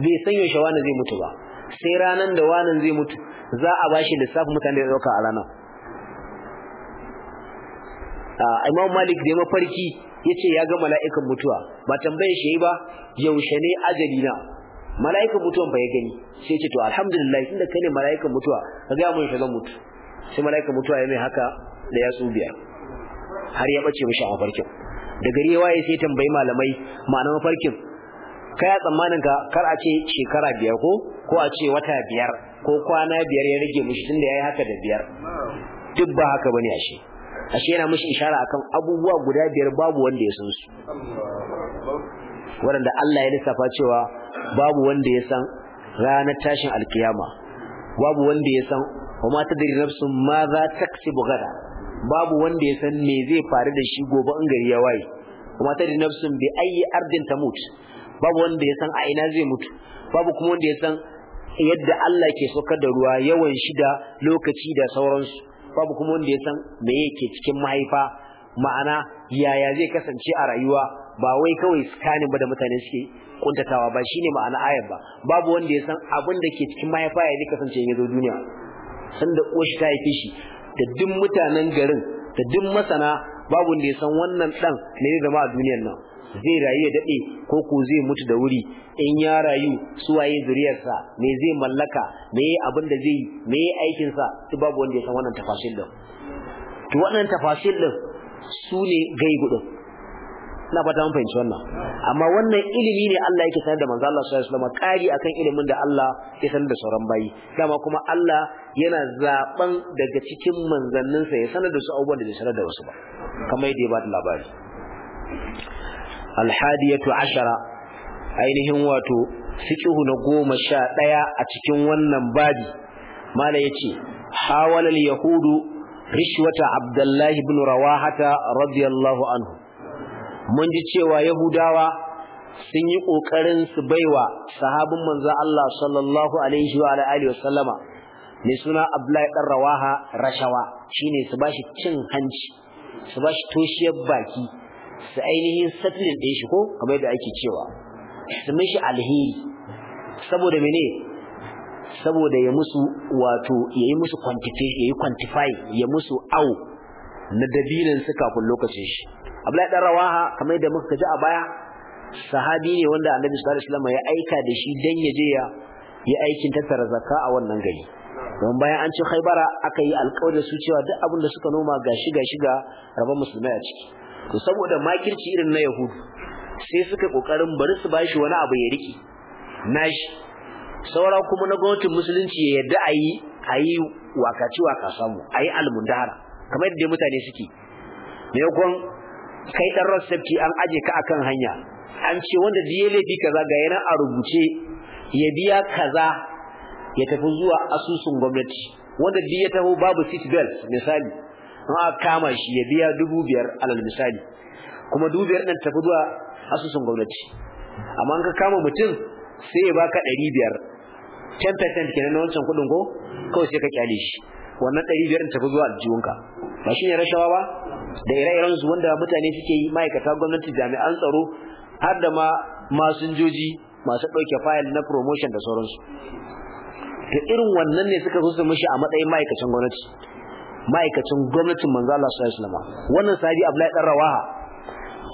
bai san yaushe wani zai mutu ba sai ranan da wanan zai mutu za a bashi lissafin mutane da dauka a ranar Imam Malik da mafarki yace ya ga mala'ikan mutuwa ba tambaye shi ba yaushe ne ajali na mala'ikan mutuwan ba ya gani sai ce to alhamdulillah tunda kai ne mala'ikan mutuwa ka ga mun shiga mutu sai mala'ikan mutuwa ya mai haka da ya tsubiya har ya bace mishi a farkin da gari ya waye sai tambayi malamai ma'anar mafarkin kai tsammanin ka kar a ce shekara biyar ko ko a ce wata biyar ko kwana biyar ya rage mushi tunda yi haka da biyar duk ba haka bane ashe ashe yana mushi ishara akan abubuwa guda biyar babu wanda ya san su waɗanda Allah ya lissafa cewa babu wanda ya san ranar tashin alkiyama babu wanda ya san kuma ta dari nafsu ma za ta gada babu wanda ya san me zai faru da shi gobe in gari ya waye kuma ta dari nafsu bi ayi ardin tamut babu wanda ya san a ina zai mutu babu kuma wanda ya san yadda Allah ke saukar da ruwa yawan shida lokaci da sauransu babu kuma wanda ya san me yake cikin mahaifa ma'ana yaya zai kasance a rayuwa ba wai kawai scanning ba da mutane suke kuntatawa ba shine ma'ana ayar ba babu wanda ya san abin da ke cikin mahaifa ya zai kasance ya zo duniya san da koshi ta haife shi da duk mutanen garin da duk masana babu wanda ya san wannan dan ne zai zama a duniyar nan zai rayu ya daɗe ko ko zai mutu da wuri in ya rayu su waye zuriyarsa me zai mallaka me abin da zai yi me aikin sa su babu wanda ya san wannan tafashin din to wannan tafashin din su ne gai din Na fata mun fahimci wannan amma wannan ilimi ne Allah yake sanar da manzo Allah sallallahu alaihi wasallam kari akan ilimin da Allah ya sanar da sauran bayi dama kuma Allah yana zaben daga cikin manzanninsa ya sanar da su abubuwan da bai sanar da wasu ba kamar yadda ya ba da labari alhadiyatu ashara ainihin wato fiqhu na goma sha ɗaya a cikin wannan babi mala yace hawalal yahudu rishwata abdullahi ibn rawahata radiyallahu anhu mun ji cewa yahudawa sun yi ƙoƙarin su baiwa sahabin manzon Allah sallallahu alaihi wa alihi wa sallama ne suna Abdullahi dan Rawaha rashawa shine su bashi cin hanci su bashi toshiyar baki su ainihin satlin ɗin shi ko kamar yadda ake cewa su mishi alheri saboda mene saboda ya musu wato ya yi musu quantify ya musu au na dabinin su kafin lokacin shi Abdullahi dan Rawaha kamar yadda muka ji a baya sahabi ne wanda Annabi sallallahu alaihi wasallam ya aika da shi dan ya je ya yi aikin tattara zakka a wannan gari don bayan an ci Khaibara aka yi alƙawarin su cewa duk abin da suka noma gashi gashi ga rabon musulmai a ciki to saboda makirci irin na yahudu sai suka kokarin bari su bashi wani abu ya riki nashi saura kuma na gwamnatin musulunci ya yadda ayi ayi wakaci waka samu ayi almundara kamar yadda mutane suke ne kai dan rasafti an aje ka akan hanya an ce wanda da laifi kaza ga yana a rubuce ya biya kaza ya tafi zuwa asusun gwamnati wanda da ya taho babu seat belt misali aka kama shi ya biya dubu biyar alal misali kuma dubu biyar ɗin tafi zuwa asusun gwamnati amma an ka kama mutum sai ya baka ɗari biyar ten percent kenan na wancan kuɗin ko kawai sai ka kyale shi wannan ɗari biyar tafi zuwa aljihunka ba shi ne rashawa ba da ire-iren su wanda mutane suke yi ma'aikata gwamnati jami'an tsaro har da ma masinjoji masu ɗauke fayil na promotion da sauransu da irin wannan ne suka so mishi a matsayin ma'aikacin gwamnati ma'aikacin gwamnatin manzo Allah sallallahu alaihi wasallam wannan sahabi Abdullahi dan Rawaha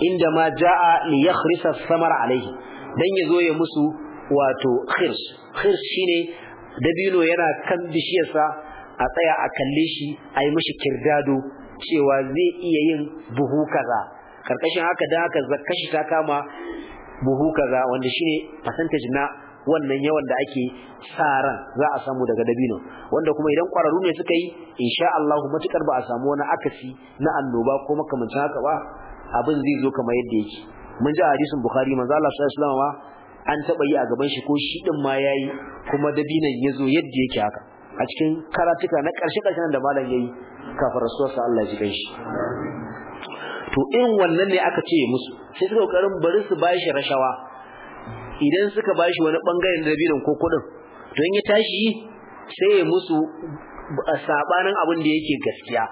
inda ma jaa li yakhrisa samara alaihi dan yazo ya musu wato khirs khirs shine dabino yana kan bishiyarsa a tsaya a kalle shi a yi mishi kirdado cewa zai iya yin buhu kaza karkashin haka dan haka zakkashi ta kama buhu kaza wanda shine percentage na wannan yawan da ake sa ran za a samu daga dabino wanda kuma idan kwararru ne suka yi insha Allah matukar ba a samu wani akasi na annoba ko makamancin haka ba abin zai zo kamar yadda yake mun ji hadisin Bukhari manzo Allah sallallahu alaihi an taba yi a gaban shi ko shi din ma yayi kuma dabinan zo yadda yake haka a cikin karatuka na karshe karshen da malam yayi kafin rasuwar sa Allah ji shi to in wannan ne aka ce musu sai suka kokarin bari su bashi rashawa idan suka bashi wani bangaren rabinin ko kudin to in ya tashi sai ya musu sabanin abin da yake gaskiya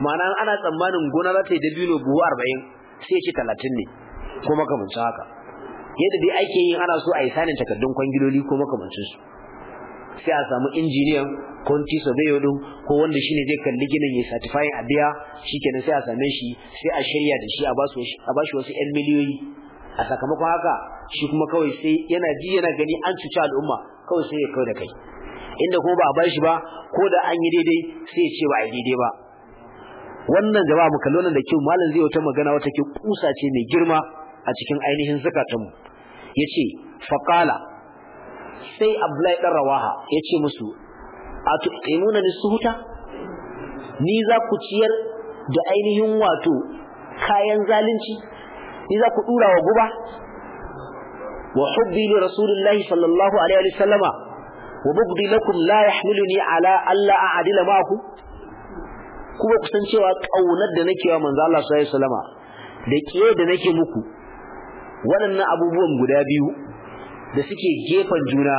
ma'ana ana tsammanin gona za ta yi dabino buhu arba'in sai ya ci talatin ne ko makamancin haka yadda dai ake yin ana so a yi sanin takardun kwangiloli ko makamancin su sai a samu injiniyan kwanti bai din ko wanda shine zai kalli ginin ya satifayin a biya shikenan sai a same shi sai a shirya da shi a bashi wasu 'yan miliyoyi a sakamakon haka shi kuma kawai sai yana ji yana gani an cuci al'umma kawai sai ya kawai da kai inda kuma ba a bar shi ba ko da an yi daidai sai ya ce ba a yi daidai ba wannan ba mu kallon da kyau malam zai wata magana wata ke kusa ce mai girma a cikin ainihin Ya yace faqala sai Abdullahi dan Rawaha yace musu atuqimuna huta? ni za ku ciyar da ainihin wato kayan zalunci ni za ku dura wa guba wa hubbi li rasulillahi sallallahu alaihi wa sallama wa bughdi lakum la yahmiluni ala alla a'dila ma'ku kuma ku san cewa kaunar da nake wa manzo Allah sallallahu alaihi sallama da kiye da nake muku waɗannan abubuwan guda biyu da suke gefen juna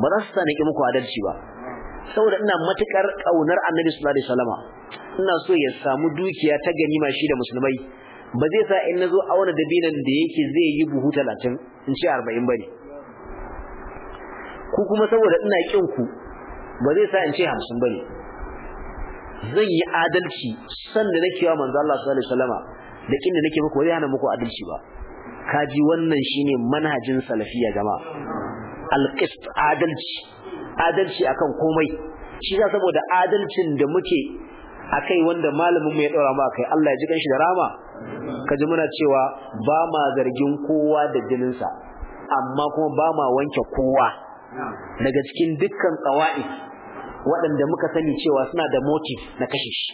ba za su sa nake muku adalci ba saboda ina matukar kaunar Annabi sallallahu alaihi sallama ina so ya samu dukiya ta ganima shi da musulmai ba zai sa in nazo a wani dabinan da yake zai yi buhu 30 in ce 40 bane ku kuma saboda ina kin ku ba zai sa in ce 50 bane zan yi adalci san da nake wa manzo Allah sallallahu alaihi wasallama da kin da nake muku ba zai hana muku adalci ba kaji wannan shine manhajin salafiya jama'a alqist adalci adalci akan komai shi za saboda adalcin da muke akai wanda malamin mu ya daura mu akai Allah ya ji kanshi da rama kaji muna cewa ba ma zargin kowa da jininsa amma kuma ba ma wanke kowa daga cikin dukkan tsawa'i waɗanda muka sani cewa suna da motive na kashe shi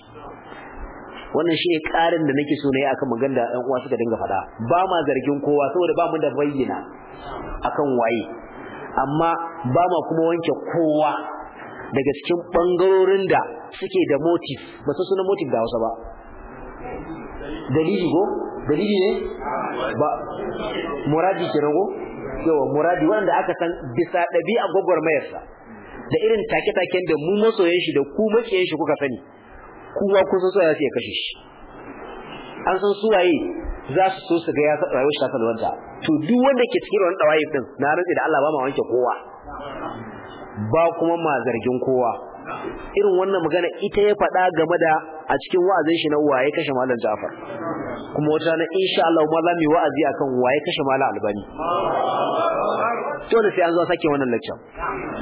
wannan shi ne ƙarin da nake so na yi akan magana da ɗan uwa suka dinga faɗa ba ma zargin kowa saboda ba mu da bayyana akan waye amma ba ma kuma wanke kowa daga cikin ɓangarorin da suke da motif ba su suna motif da Hausa ba dalili go dalili ne ba muradi kenan go yawa muradi wanda aka san bisa dabi'a gwagwar mayarsa. da irin take-taken da mu masoyan shi da ku makiyan shi kuka sani kowa kun san so ya kashe shi an san suwaye za su so su ga ya rayuwar shi ta wanda to duk wanda ke cikin wannan dawaye din na rantsi da Allah ba ma wanke kowa ba kuma ma zargin kowa irin wannan magana ita ya faɗa game da a cikin wa'azin shi na waye kashe malam Ja'far kuma wata na insha Allah ma za mu yi wa'azi akan waye kashe malam Albani dole sai an zo sake wannan lecture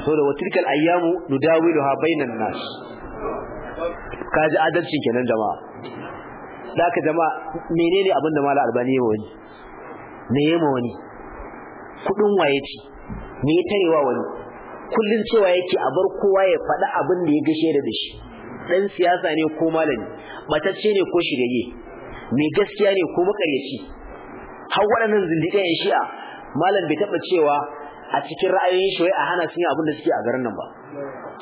to da watilkal ayyamu nudawiluha bainan nas kaji adalcin kenan jama'a da jama'a menene abin da malam Albani ya wani me ya wani kudin waye ci me ya tarewa wani Kullum cewa yake a bar kowa ya faɗi abin da ya gashe da shi dan siyasa ne ko malami matacce ne ko shigage mai gaskiya ne ko makaryaci har waɗannan zindiƙan shi shi'a malam bai taɓa cewa a cikin ra'ayoyin shi wai a hana sun yi abin da suke a garin nan ba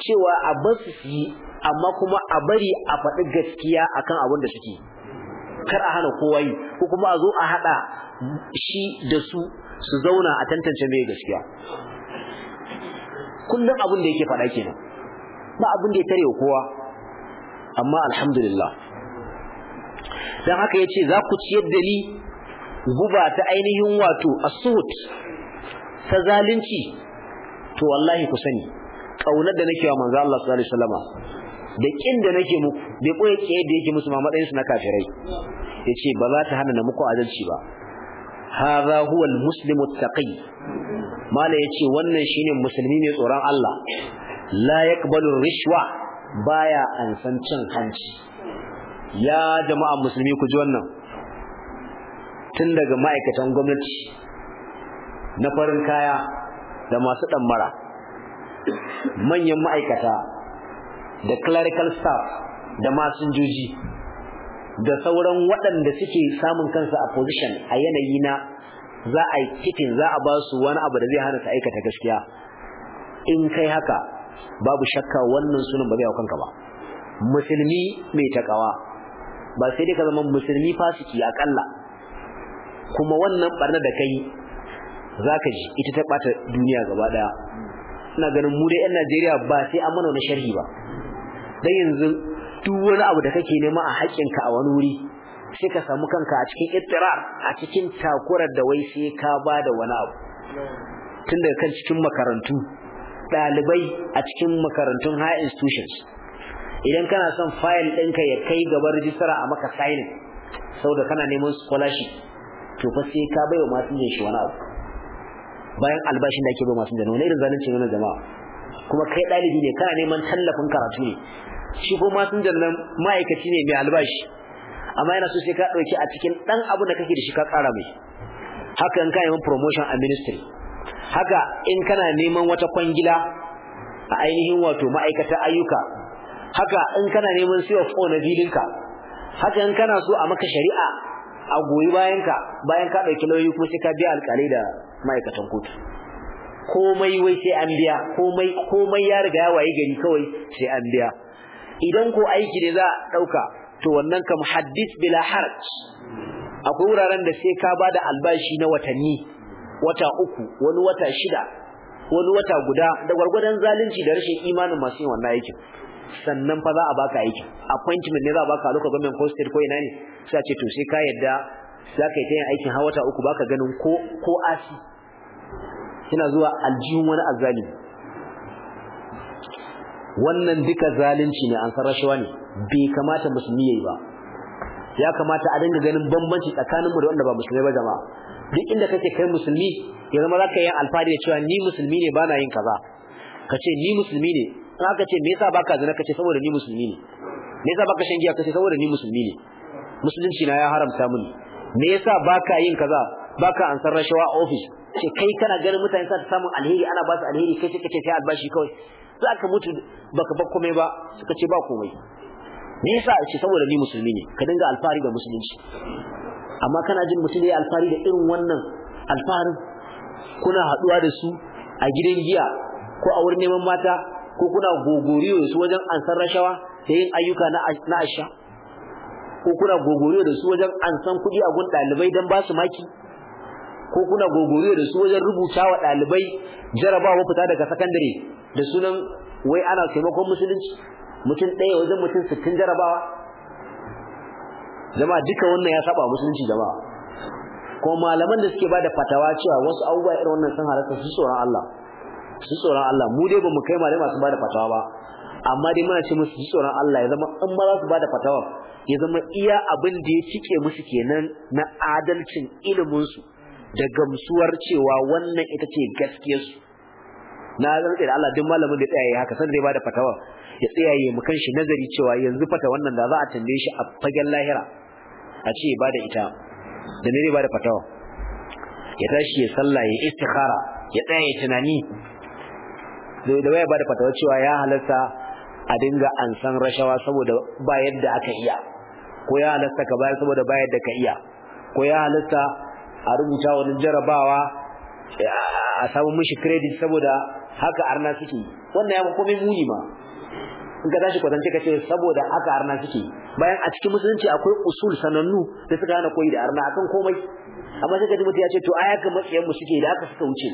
cewa a bar su yi amma kuma a bari a faɗi gaskiya akan abin da suke kar a hana kowa yi ko kuma a zo a haɗa shi da su su zauna a tantance mai gaskiya kullum abin da yake faɗa kenan ba abin da ya tare kowa amma alhamdulillah dan haka yace za ku ciyar da ni guba ta ainihin wato asuhut ta zalunci to wallahi ku sani kaunar da nake wa manzo Allah sallallahu alaihi wasallama da kin da nake muku bai koyi ke da yake musu ma matsayin su na kafirai yace ba za ta hana na muku azalci ba hadha huwa almuslimu attaqi mala yace wannan shine musulmi mai tsoron Allah la yaqbalu rishwa baya ansan cin hanci ya jama'a musulmi ku ji wannan tun daga ma'aikatan gwamnati na farin kaya da masu ɗammara manyan ma'aikata da clerical staff da masinjoji da sauran waɗanda suke samun kansa a position a yanayi na za a yi kifin za a ba su wani abu da zai hana su aikata gaskiya in kai haka babu shakka wannan sunan ba zai hau kanka ba musulmi mai takawa ba sai dai ka zama musulmi fasiki akalla kuma wannan barna da kai za ka ji ita ta bata duniya gaba ɗaya. ina ganin mu dai yan Najeriya ba sai an mana wani sharhi ba dai yanzu duk wani abu da kake nema a haƙƙinka a wani wuri sai ka samu kanka a cikin ittirar a cikin takurar da wai sai ka ba da wani abu tun daga kan cikin makarantu dalibai a cikin makarantun high institutions idan kana son fayil ɗinka ya kai gaba rijistara a maka signing saboda kana neman scholarship to fa sai ka bai wa masu shi wani abu bayan albashin da ake bai masu wani irin zalunci ne na jama'a kuma kai ɗalibi ne kana neman tallafin karatu ne shi ko masinjan nan ma'aikaci ne mai albashi amma yana so sai ka dauki a cikin dan abu da kake da shi ka kara mai haka in ka yi promotion a ministry haka in kana neman wata kwangila a ainihin wato ma'aikata ayyuka haka in kana neman sai of na ka, haka in kana so a maka shari'a a goyi bayan ka, bayan ka dauki lauyi kuma sai ka biya alƙalai da ma'aikatan kotu komai wai sai an biya komai komai ya riga ya waye gari kawai sai an biya idan ko aiki ne za a ɗauka to wannan ka muhaddis bila harj akwai wuraren da sai ka bada albashi na watanni wata uku wani wata shida wani wata guda da gwargwadon zalunci da rashin imanin masu yin wannan aikin sannan fa za a baka aikin appointment ne za a baka lokacin government State ko ina ne sai a ce to sai ka yadda za ka yi ta yin aikin har wata uku baka ganin ko ko asi kina zuwa aljihun wani azzalimi wannan duka zalunci ne an san ne bai kamata musulmi yayi ba ya kamata a dinga ganin bambanci tsakanin mu da wanda ba musulmi ba jama'a duk inda kake kai musulmi ya zama zaka yi alfahari da cewa ni musulmi ne bana yin kaza kace ni musulmi ne in aka ce me yasa baka zina kace saboda ni musulmi ne me yasa baka shan giya kace saboda ni musulmi ne musulunci na ya haramta mini me yasa baka yin kaza baka ansar rashawa a office ce kai kana ganin mutane sa ta samun alheri ana ba su alheri kai sai kace sai albashi kawai za ka mutu baka bar komai ba suka ce ba komai me yasa ce saboda ni musulmi ne ka dinga alfahari da musulunci amma kana jin mutum da ya alfahari da irin wannan alfaharin kuna haɗuwa da su a gidan giya ko a wurin neman mata ko kuna gogoriyo da su wajen ansar rashawa da yin ayyuka na asha ko kuna gogoriyo da su wajen ansan kuɗi a gun ɗalibai don ba su maki ko kuna gogoriyo da su wajen rubuta wa dalibai jarabawa fita daga sakandare da sunan wai ana taimakon musulunci mutum ɗaya wajen mutum sittin jarabawa jama'a duka wannan ya saba musulunci jama'a ko malaman da suke bada fatawa cewa wasu abubuwa irin wannan sun halatta su tsoron Allah su tsoron Allah mu dai bamu kai malama masu bada fatawa ba amma dai muna ce musu su tsoron Allah ya zama an ba za su bada fatawa ya zama iya abin da ya cike musu kenan na adalcin ilimin su da gamsuwar cewa wannan ita ce gaskiyarsu na rantsa da Allah duk malamin da tsayaye haka san zai bada fatawa ya tsayaye mu kanshi nazari cewa yanzu fata wannan da za a tambaye shi a fagen lahira a ce ya bada ita da ne ba bada fatawa ya tashi ya sallah ya istikhara ya tsaya tunani tunani da waya bada fatawa cewa ya halarta a dinga ansan rashawa saboda ba yadda aka iya ko ya halarta ka bayar saboda ba yadda ka iya ko ya halarta a rubuta wani jarabawa eh, a samu mishi credit saboda haka arna suke wannan ya fi komai muni ma in ka tashi kwatance ka ce saboda haka arna suke bayan a cikin musulunci akwai usul sanannu da suka hana koyi da arna akan komai amma sai ka ji mutum ya ce to aya ka matsayin mu suke da haka suka wuce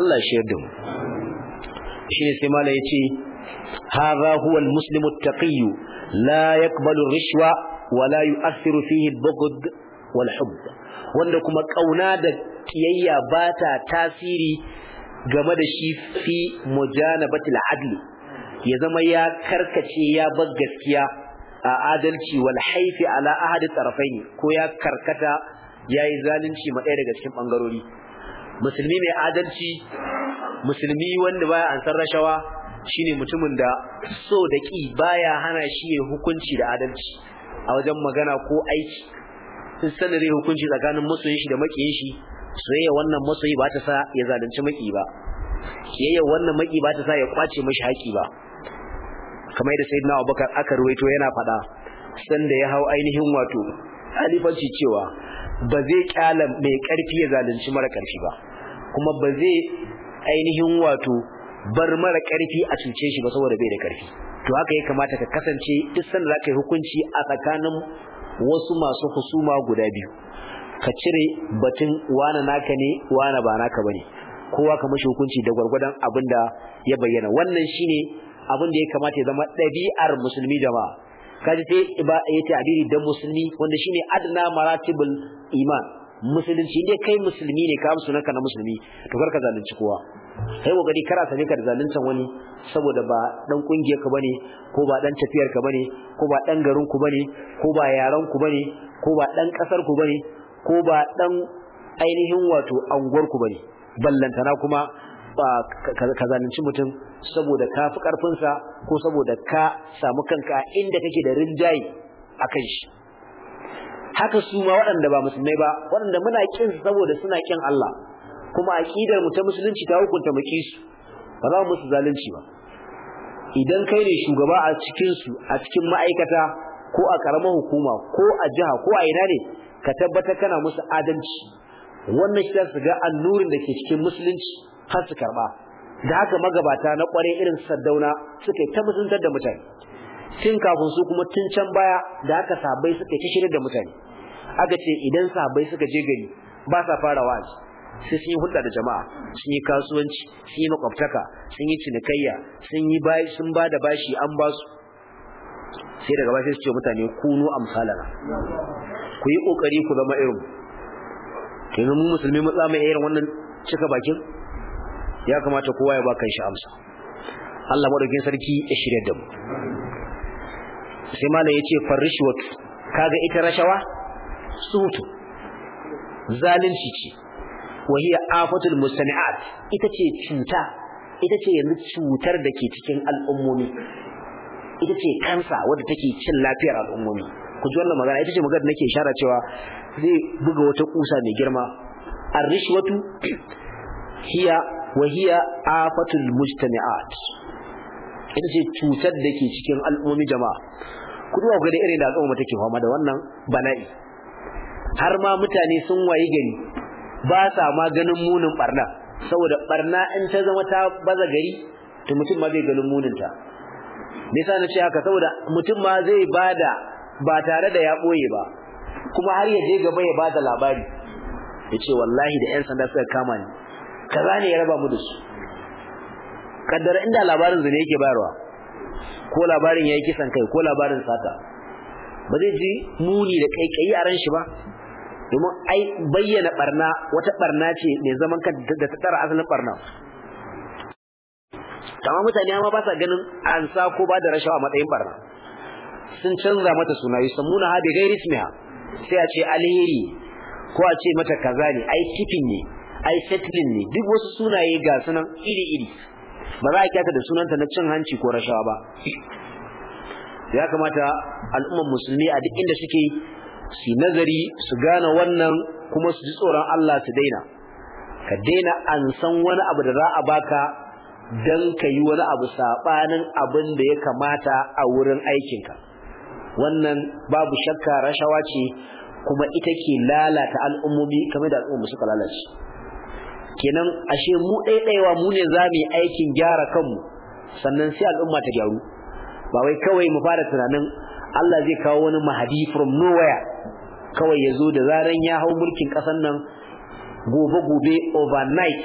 Allah ya yadda mu ne sai mala ya ce huwa al-muslimu at-taqi la yaqbalu rishwa wala yu'assiru fihi al wal hubb wanda kuma kauna da kiyayya ba ta tasiri game da shi fi mujanabatil adl ya zama ya karkace ya bar gaskiya a adalci wal haifi ala ahadi tarafaini ko ya karkata yayi zalunci ma ɗaya daga cikin bangarori musulmi mai adalci musulmi wanda baya ansar rashawa shine mutumin da so da ki baya hana shi hukunci da adalci a wajen magana ko aiki sun da hukunci tsakanin masoyin shi da makiyin shi soyayya wannan masoyi ba ta sa ya zalunci maki ba kiyayya wannan maki ba ta sa ya kwace mishi haƙi ba kamar yadda sayyidina Abubakar aka ruwaito yana faɗa sanda ya hau ainihin wato alifanci cewa ba zai kyala mai karfi ya zalunci mara karfi ba kuma ba zai ainihin wato bar mara karfi a cuce shi ba saboda bai da karfi to haka ya kamata ka kasance duk sanda ka yi hukunci a tsakanin wasu masu husuma guda biyu ka cire batun wana naka ne wana ba naka bane kowa ka mashi hukunci da gwargwadon abin da ya bayyana wannan shine abin da ya kamata ya zama ɗabi'ar musulmi jama'a kaji sai ba ya ta'abiri da musulmi wanda shine adna maratibul iman musulunci dai kai musulmi ne ka musulunka na musulmi to karka zalunci kowa Sai kokari kara ne ka da wani saboda ba dan kungiyar ka bane ko ba dan tafiyar ka bane ko ba dan garin ku bane ko ba yaran ku bane ko ba dan kasar ku bane ko ba dan ainihin wato anguwar ku bane ballantana kuma ka zalunci mutum saboda ka fi karfinsa ko saboda ka samu kanka inda kake da rinjaye a kan shi haka su ma waɗanda ba musulmai ba waɗanda muna kin saboda suna kin Allah kuma aqidar mu ta musulunci ta hukunta mu su ba za mu musu zalunci ba idan kai ne shugaba a cikin su a cikin ma'aikata ko a karamar hukuma ko a jiha ko a ina ne ka tabbatar kana musu adalci wannan shi su ga annurin da ke cikin musulunci har su karba da haka magabata na kware irin saddauna suka yi ta mutuntar da mutane tun kafin su kuma tun can baya da haka sabai suka yi ta da mutane aka ce idan sabai suka je gari ba sa fara wa'azi sai sun yi hulɗa da jama'a sun yi kasuwanci sun yi makwabtaka sun yi cinikayya sun yi bayi sun ba da bashi an ba su sai daga bashi su ce mutane kunu amsalana ku yi ƙoƙari ku zama irin kenan mu musulmi mu tsama irin wannan cika bakin ya kamata kowa ya ba shi amsa Allah madaukin sarki ya shirya da mu sai malam yace farishwat kaga ita rashawa suhutu zalunci ce wa hiya afatul mustami'at ita ce cuta ita ce cutar da ke cikin al'ummomi ita ce kansa wadda take cin lafiyar al'ummomi ku ji wannan magana ita ce magana nake shara cewa zai buga wata kusa mai girma ar-rishwatu hiya wa hiya afatul mujtami'at ita ce cutar da ke cikin al'ummomi jama'a irin da al'umma take fama da wannan bala'i har ma mutane sun wayi gari ba sa ma ganin munin barna saboda barna in ta zama ta baza gari to mutum ma bai ganin munin ta me yasa na ce haka saboda mutum ma zai bada ba tare da ya boye ba kuma har ya je gaba ya bada labari yace wallahi da ƴan sanda suka kama ni kaza ne ya raba mu da su kaddara inda labarin zane yake bayarwa ko labarin yayi kisan kai ko labarin sata ba zai ji muni da kai a ran shi ba domin ai bayyana barna wata barna ce mai zaman kan da ta tsara asalin barna Kamar mutane ma ba sa ganin an sa ko ba da rashawa matsayin barna sun canza mata suna yi samuna ha bi gairi ismiha sai a ce alheri ko a ce mata kaza ne ai kifin ne ai settling ne duk wasu sunaye ga sunan iri iri ba za a kyata da sunanta na cin hanci ko rashawa ba ya kamata al'ummar musulmi a duk inda suke su nazari su gane wannan kuma su ji tsoron Allah su daina ka daina an san wani abu da za a baka don ka yi wani abu saɓanin abin da ya kamata a wurin aikinka wannan babu shakka rashawa ce kuma ita ke lalata al'ummomi kamar da al'umma suka lalace kenan ashe mu ɗaiɗaiwa mu ne za mu yi aikin gyara kanmu sannan sai al'umma ta gyaru ba wai kawai mu fara tunanin Allah zai kawo wani mahadi from nowhere kawai ya zo da zaran ya hau mulkin ƙasar nan gobe-gobe overnight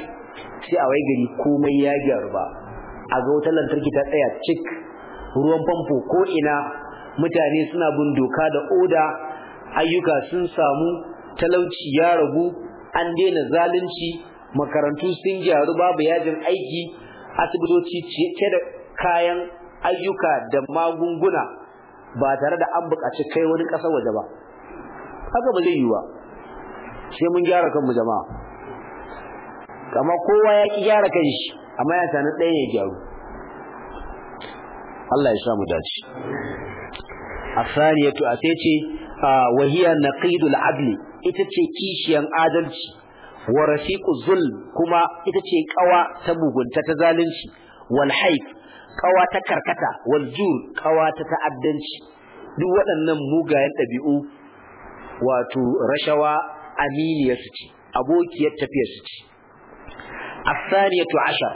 sai a wai gari komai ya gyaru ba a ga wutar lantarki ta tsaya cik ruwan famfo ko ina mutane suna bin doka da oda ayyuka sun samu talauci ya ragu an daina zalunci makarantu sun gyaru babu yajin aiki asibitoci ce da kayan ayyuka da magunguna ba tare da an buƙaci kai wani ƙasar waje ba haka ba zai yi ba sai mun gyara kanmu jama'a kama kowa ya ki gyara kanshi amma ya tana ɗaya ya gyaru Allah ya sa mu dace asaniyatu a sai ce wa hiya naqidul adli ita ce kishiyan adalci wa rafiqu zulm kuma ita ce kawa ta mugunta ta zalunci wal haif kawa ta karkata wal jur kawa ta ta'addanci duk waɗannan mugayen ɗabi'u wato rashawa aminiya su ci, abokiyar tafiya su ci asaniyatu ashar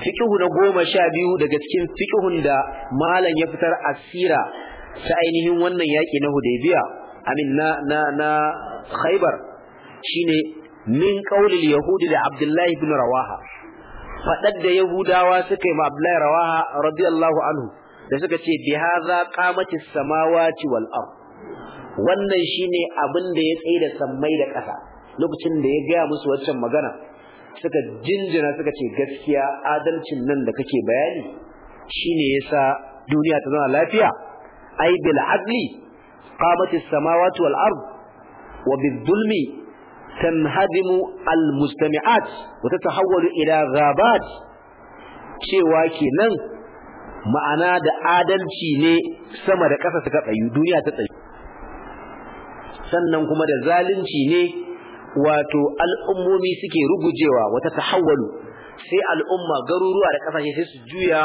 fiqhu na goma sha biyu daga cikin fiqhun da malam ya fitar asira ta ainihin wannan yaki na hudaybiya amin na na na khaybar shine min qaulil yahudi da abdullahi ibn rawaha fadar da yahudawa suka yi ma abdullahi rawaha radiyallahu anhu da suka ce bi hadha qamati samawati wal ard wannan shine abin da ya tsaye da sammai da ƙasa lokacin da ya gaya musu waccan magana suka jinjina suka ce gaskiya adalcin nan da kake bayani shine yasa duniya ta zama lafiya ai bil adli qamat as-samawati wal ard wa bil zulmi tanhadimu al mustami'at wa tatahawwalu ila ghabat cewa kenan ma'ana da adalci ne sama da ƙasa suka tsayu duniya ta tsayu sannan kuma da zalunci ne wato al'ummomi suke rugujewa wata tahawwalu sai al'umma garuruwa da kasashe sai su juya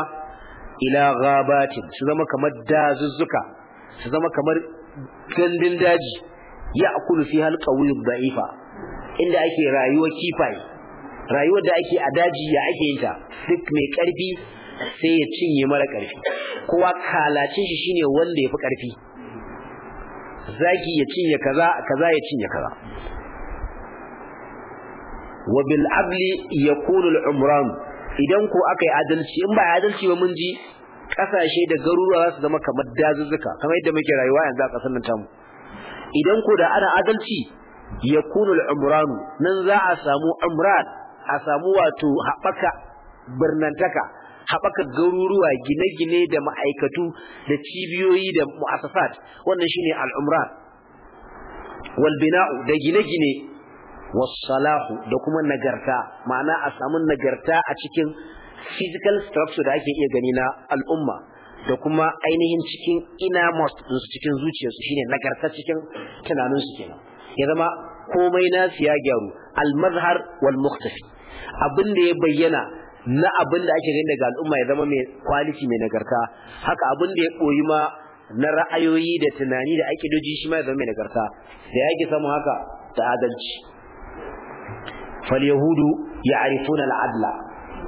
ila ghabatin su zama kamar dazuzzuka su zama kamar gandun daji ya akulu fi halqa wuyub da'ifa inda ake rayuwa kifaye rayuwar da ake a daji ya ake yin ta duk mai karfi sai ya cinye mara karfi kowa kalacin shi shine wanda yafi karfi zaki ya cinye kaza kaza ya cinye kaza wa bil adli yaqulu al umran idan ko akai adalci in ba adalci ba mun ji kasashe da garuruwa za su zama kamar dazuzzuka kamar yadda muke rayuwa yanzu a kasar nan tamu idan ko da ana adalci yaqulu al umran nan za a samu umran a samu wato haɓaka birnantaka haɓaka garuruwa gine-gine da ma'aikatu da cibiyoyi da mu'asasat wannan shine al'umran wal bina'u da gine-gine salahu da kuma nagarta ma'ana a samu nagarta a cikin physical structure da ake iya gani na al'umma da kuma ainihin cikin innermost su cikin zuciyarsu shine nagarta cikin tunaninsu kenan ya zama komai na siya gyaru al-mazhar wal mukhtafi abin da ya bayyana na abin da ake gani daga al'umma ya zama mai kwaliti mai nagarta haka abin da ya koyi ma na ra'ayoyi da tunani da ake doji shi ma ya zama mai nagarta da ke samu haka da adalci fal yahudu ya'rifuna al-adla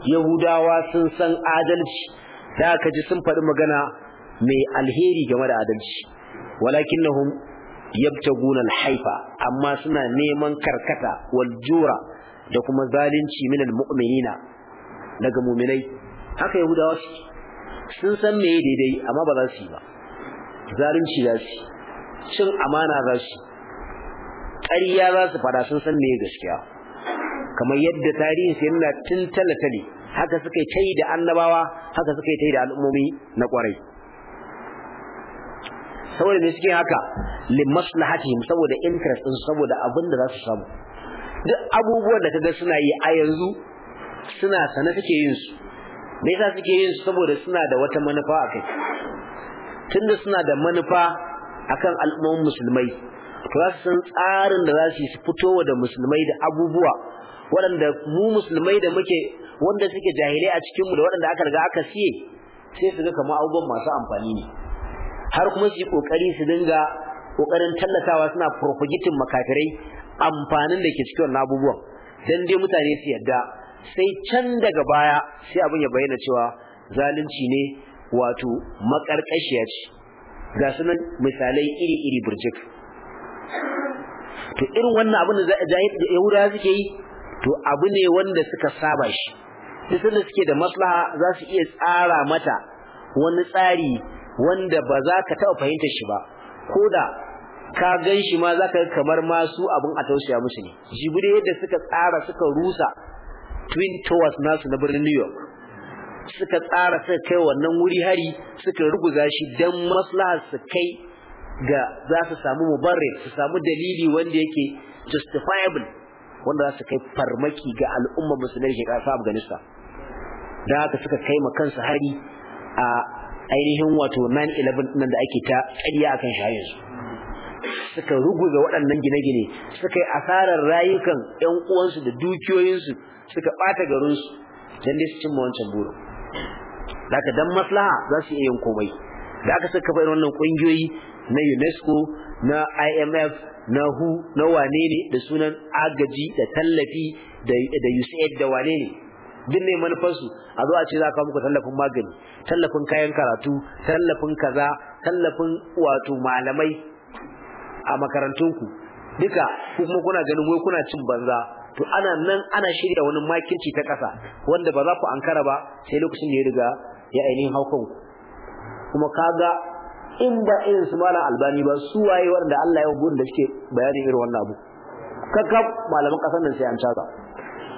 yahudawa sun san adalci da aka ji sun faɗi magana mai alheri game da adalci walakinnahum yabtaguna al-haifa amma suna neman karkata wal jura da kuma zalunci minal mu'minina daga mu'minai haka yahudawa su sun san me daidai amma ba za su yi ba zarunci za su cin amana za su ƙarya za su fada sun san me gaskiya kamar yadda tarihin su yana tun tale haka suka yi da annabawa haka suka yi da al'ummomi na ƙwarai saboda ne suke haka li maslahatihim saboda interest din saboda abin da za su samu duk abubuwan da ga suna yi a yanzu suna sana suke yin su me yasa suke yin su saboda suna da wata manufa akai tunda suna da manufa akan al'umman musulmai to za su san tsarin da za su yi su wa da musulmai da abubuwa waɗanda mu musulmai da muke wanda suke jahilai a cikinmu da waɗanda aka riga aka siye sai su ga kamar abubuwan masu amfani ne har kuma su yi ƙoƙari su dinga ƙoƙarin tallatawa suna furfugitin makafirai amfanin da ke cikin wannan abubuwan dan dai mutane su yarda sai can daga baya sai abin ya bayyana cewa zalunci ne wato makarkashiya ce ga nan misalai iri-iri burjik to irin wannan abin da yahuda suke yi to abu ne wanda suka saba shi duk da suke da maslaha za su iya tsara mata wani tsari wanda ba za ka taɓa fahimtar shi ba ko da ka gan shi ma za ka kamar masu abin a tausaya musu ne jibirai yadda suka tsara suka rusa twin towers nasu na birnin New York suka tsara suka kai wannan wuri hari suka ruguza shi don maslahar su kai ga za su samu mubarrid su samu dalili wanda yake justifiable wanda za su kai farmaki ga al'umma musulmai da ƙasa Afghanistan da haka suka kai ma kansu hari a ainihin wato 9/11 nan da ake ta tsariya akan shayin suka ruguza waɗannan gine-gine suka yi asarar rayukan 'yan uwansu da dukiyoyinsu suka bata garin su dan dai su cimma wancan Da haka dan maslaha za su iya komai da aka saka fa wannan kungiyoyi na UNESCO na IMF na WHO na wane ne da sunan agaji da tallafi da USAID da wane ne din ne manufarsu a zo a ce za ka muku tallafin magani tallafin kayan karatu tallafin kaza tallafin wato malamai a makarantunku duka kuma kuna ganin wai kuna cin banza to ana nan ana shirya wani makirci ta ƙasa wanda ba za ku ankara ba sai lokacin da ya riga ya ainihin haukan kuma kaga inda irin su malam albani ba su waye wanda Allah ya gudu da suke bayanin irin wannan abu kakka malaman ƙasar nan sai an caza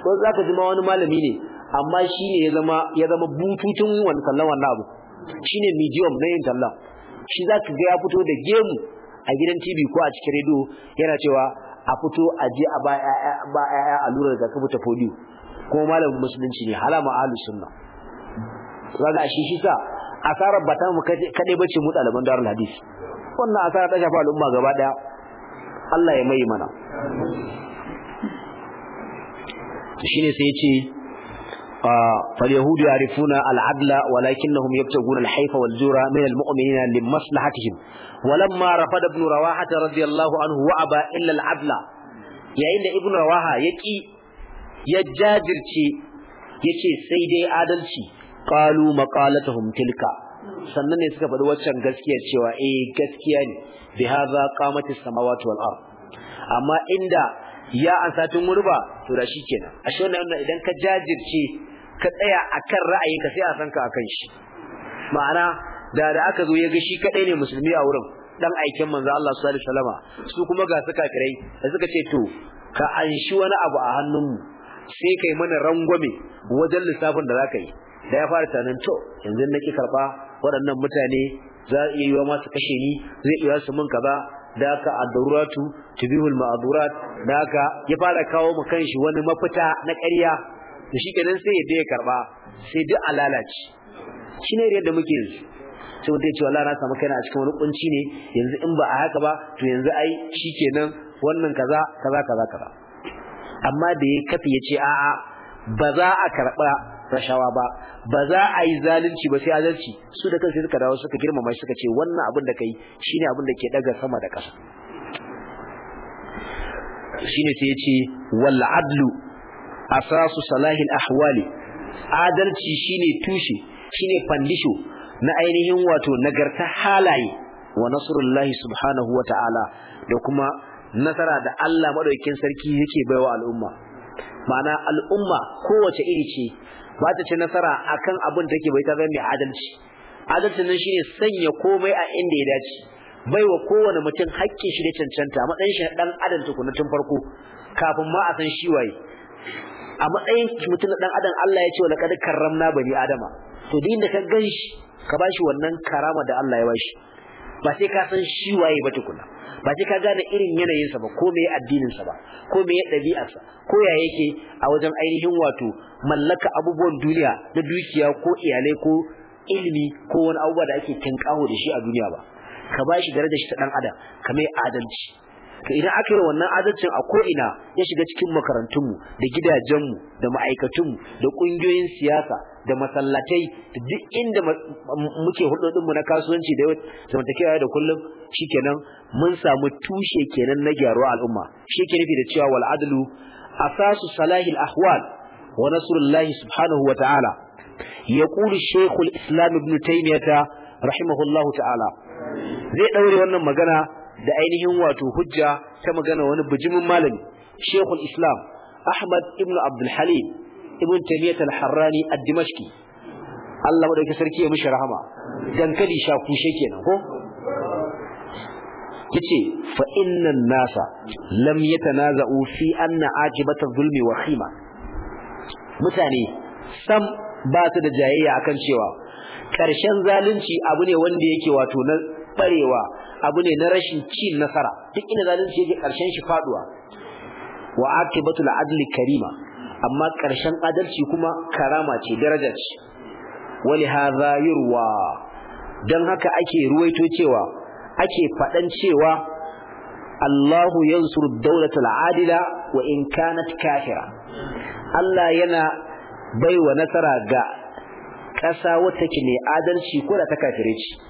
ko za ka ji wani malami ne amma shi ne ya zama bututun wani kallon wannan abu shi ne medium na yin tallan shi za ka ga ya fito da gemu a gidan tv ko a cikin rediyo yana cewa a fito a je a ba ƴaƴa allurar kafa ta polio ko malamin musulunci ne halama ahlus sunna zaga shi shi sa asarar ba ta mu kadai bace mu ɗaliban darul hadis wannan asara ta shafa al'umma gaba daya Allah ya mai mana shine sai ce فاليهود يعرفون العدل ولكنهم يبتغون الحيف والزور من المؤمنين لمصلحتهم ولما رفض ابن رواحة رضي الله عنه وأبى إلا العدل yayin da ibn rawaha yaki ya jajirce yace sai dai adalci qalu maqalatuhum tilka sannan ne suka faɗi waccan gaskiyar cewa eh gaskiya ne bi hadha qamati samawati wal ard amma inda ya ansatun murba to da shikenan ashe wannan idan ka jajirce ka tsaya a kan ra'ayinka sai a san ka akan shi ma'ana da da aka zo ya ga shi kadai ne musulmi a wurin dan aikin manzo Allah sallallahu alaihi wasallama su kuma ga suka kirai da suka ce to ka anshi wani abu a hannun mu sai kai mana rangwame wajen lissafin da zaka yi da ya fara tanan to yanzu na ki karba waɗannan mutane za iya yiwa masu kashe ni zai iya su mun kaza da haka ad-daruratu tubihul da ka ya fara kawo mu kanshi wani mafita na ƙarya da shi kenan sai ya ya karba sai duk a lalace shi ne yadda muke yanzu sai wanda ya ce wallahi na samu kaina a cikin wani kunci ne yanzu in ba a haka ba to yanzu ai shi kenan wannan kaza kaza kaza kaza amma da ya kafi ya ce a'a ba za a karba rashawa ba ba za a yi zalunci ba sai adalci su da kansu suka dawo suka girmama suka ce wannan abin da kai shine abin da ke daga sama da ƙasa shine sai ya ce wal adlu asasu salahin ahwali adalci shine tushe shine fandisho na ainihin wato nagarta halaye wa nasrullahi subhanahu wa ta'ala da kuma nasara da Allah madaukakin sarki yake baiwa al'umma ma'ana al'umma kowace iri ce ba ta ci nasara akan abin da take bai ta zama mai adalci adalcin nan shine sanya komai a inda ya dace bai wa kowane mutum haƙƙin shi da cancanta matsayin shi dan adam na tun farko kafin ma a san shi waye a matsayin mutum dan adam Allah ya ce wala kad karramna bani adama to din da ka ganshi ka bashi wannan karama da Allah ya bashi ba sai ka san shi waye ba tukuna ba sai ka gane irin yanayin sa ba ko me addinin sa ba ko me ɗabi'arsa ko ya yake a wajen ainihin wato mallaka abubuwan duniya da dukiya ko iyalai ko ilimi ko wani abubuwa da ake tinkaho da shi a duniya ba ka bashi darajar shi ta dan adam kamar adalci ka idan aka yi wannan adalcin a ko'ina ya shiga cikin makarantunmu da gidajenmu da ma'aikatunmu da ƙungiyoyin siyasa da masallatai da duk inda muke hulɗoɗinmu na kasuwanci da zamantakewa da kullum shikenan mun samu tushe kenan na gyaruwa al'umma shi ke nufi da cewa wal adlu asasu salahil ahwal wa nasrullahi subhanahu wa ta'ala yaqulu shaykhul islam ibn taymiyah rahimahullahu ta'ala zai daure wannan magana da ainihin wato hujja ta magana wani bijimin malami Sheikhul Islam Ahmad ibn Abdul Halim ibn Taymiyyah al-Harrani ad-Dimashqi Allah madaukakin sarki ya mishi rahama sha kushe kenan ko yace fa innan nasa lam yatanaza'u fi anna ajibata zulmi wa khima mutane sam ba su da jayayya akan cewa karshen zalunci abu ne wanda yake wato na barewa abu ne na rashin ci nasara duk ina zalunci yake karshen shi faduwa wa akibatul adli karima amma karshen adalci kuma karama ce daraja ce Wani hadha yurwa dan haka ake ruwaito cewa ake fadan cewa Allahu yansuru dawlatul adila wa in kanat kafira Allah yana baiwa nasara ga ƙasa wata ke mai adalci ko da ta kafire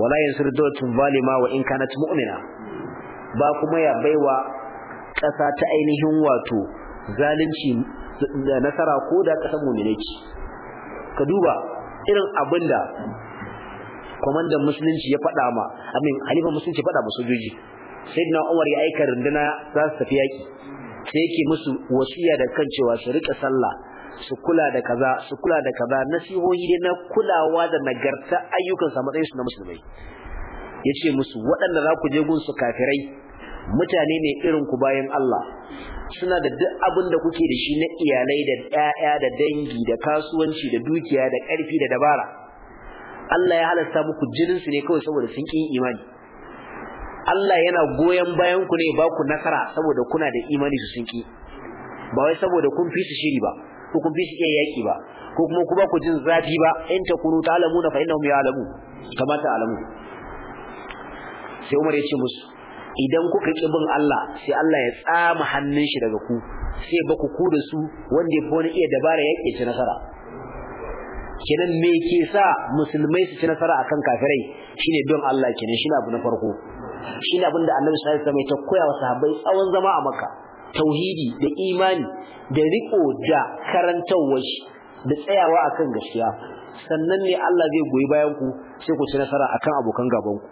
wala yansiru dawlatun zalima wa in kanat mu'mina ba kuma ya baiwa ƙasa ta ainihin wato zalunci da nasara ko da kasa mu'mina ce ka duba irin abinda kwamandan musulunci ya faɗa ma amin halifa musulunci faɗa ma sojoji sayyidina Umar ya aika runduna za su tafi yaki sai yake musu wasiya da kan cewa su rika sallah su kula da kaza su kula da kaza nasihohi ne na kulawa da nagarta ayyukan sa matsayin su na musulmai yace musu waɗanda za ku je gun su kafirai mutane ne irin ku bayan Allah suna da duk abin da kuke da shi na iyalai da ƴaƴa da dangi da kasuwanci da dukiya da ƙarfi da dabara Allah ya halasta muku jinin su ne kawai saboda sun ƙin imani Allah yana goyon bayan ku ne ba ku nasara saboda kuna da imani su sun ƙi ba wai saboda kun fi su shiri ba ko ku bi yaki ba ko kuma ku ba ku jin zafi ba in ta alamu na fa innahum ya'lamu kama alamu. sai Umar ya ce musu idan kuka ki bin Allah sai Allah ya tsama hannun shi daga ku sai ba ku ku da su wanda ya fi wani iya dabara yake ci nasara kenan me ke sa musulmai su ci nasara akan kafirai shine don Allah kenan shine abu na farko shine abin da Annabi sallallahu alaihi wasallam ya koya wa sahabbai tsawon zama a Makka tauhidi da imani da riko da karantawar shi da tsayawa akan gaskiya sannan ne Allah zai goyi bayan ku sai ku ci nasara akan abokan gaban ku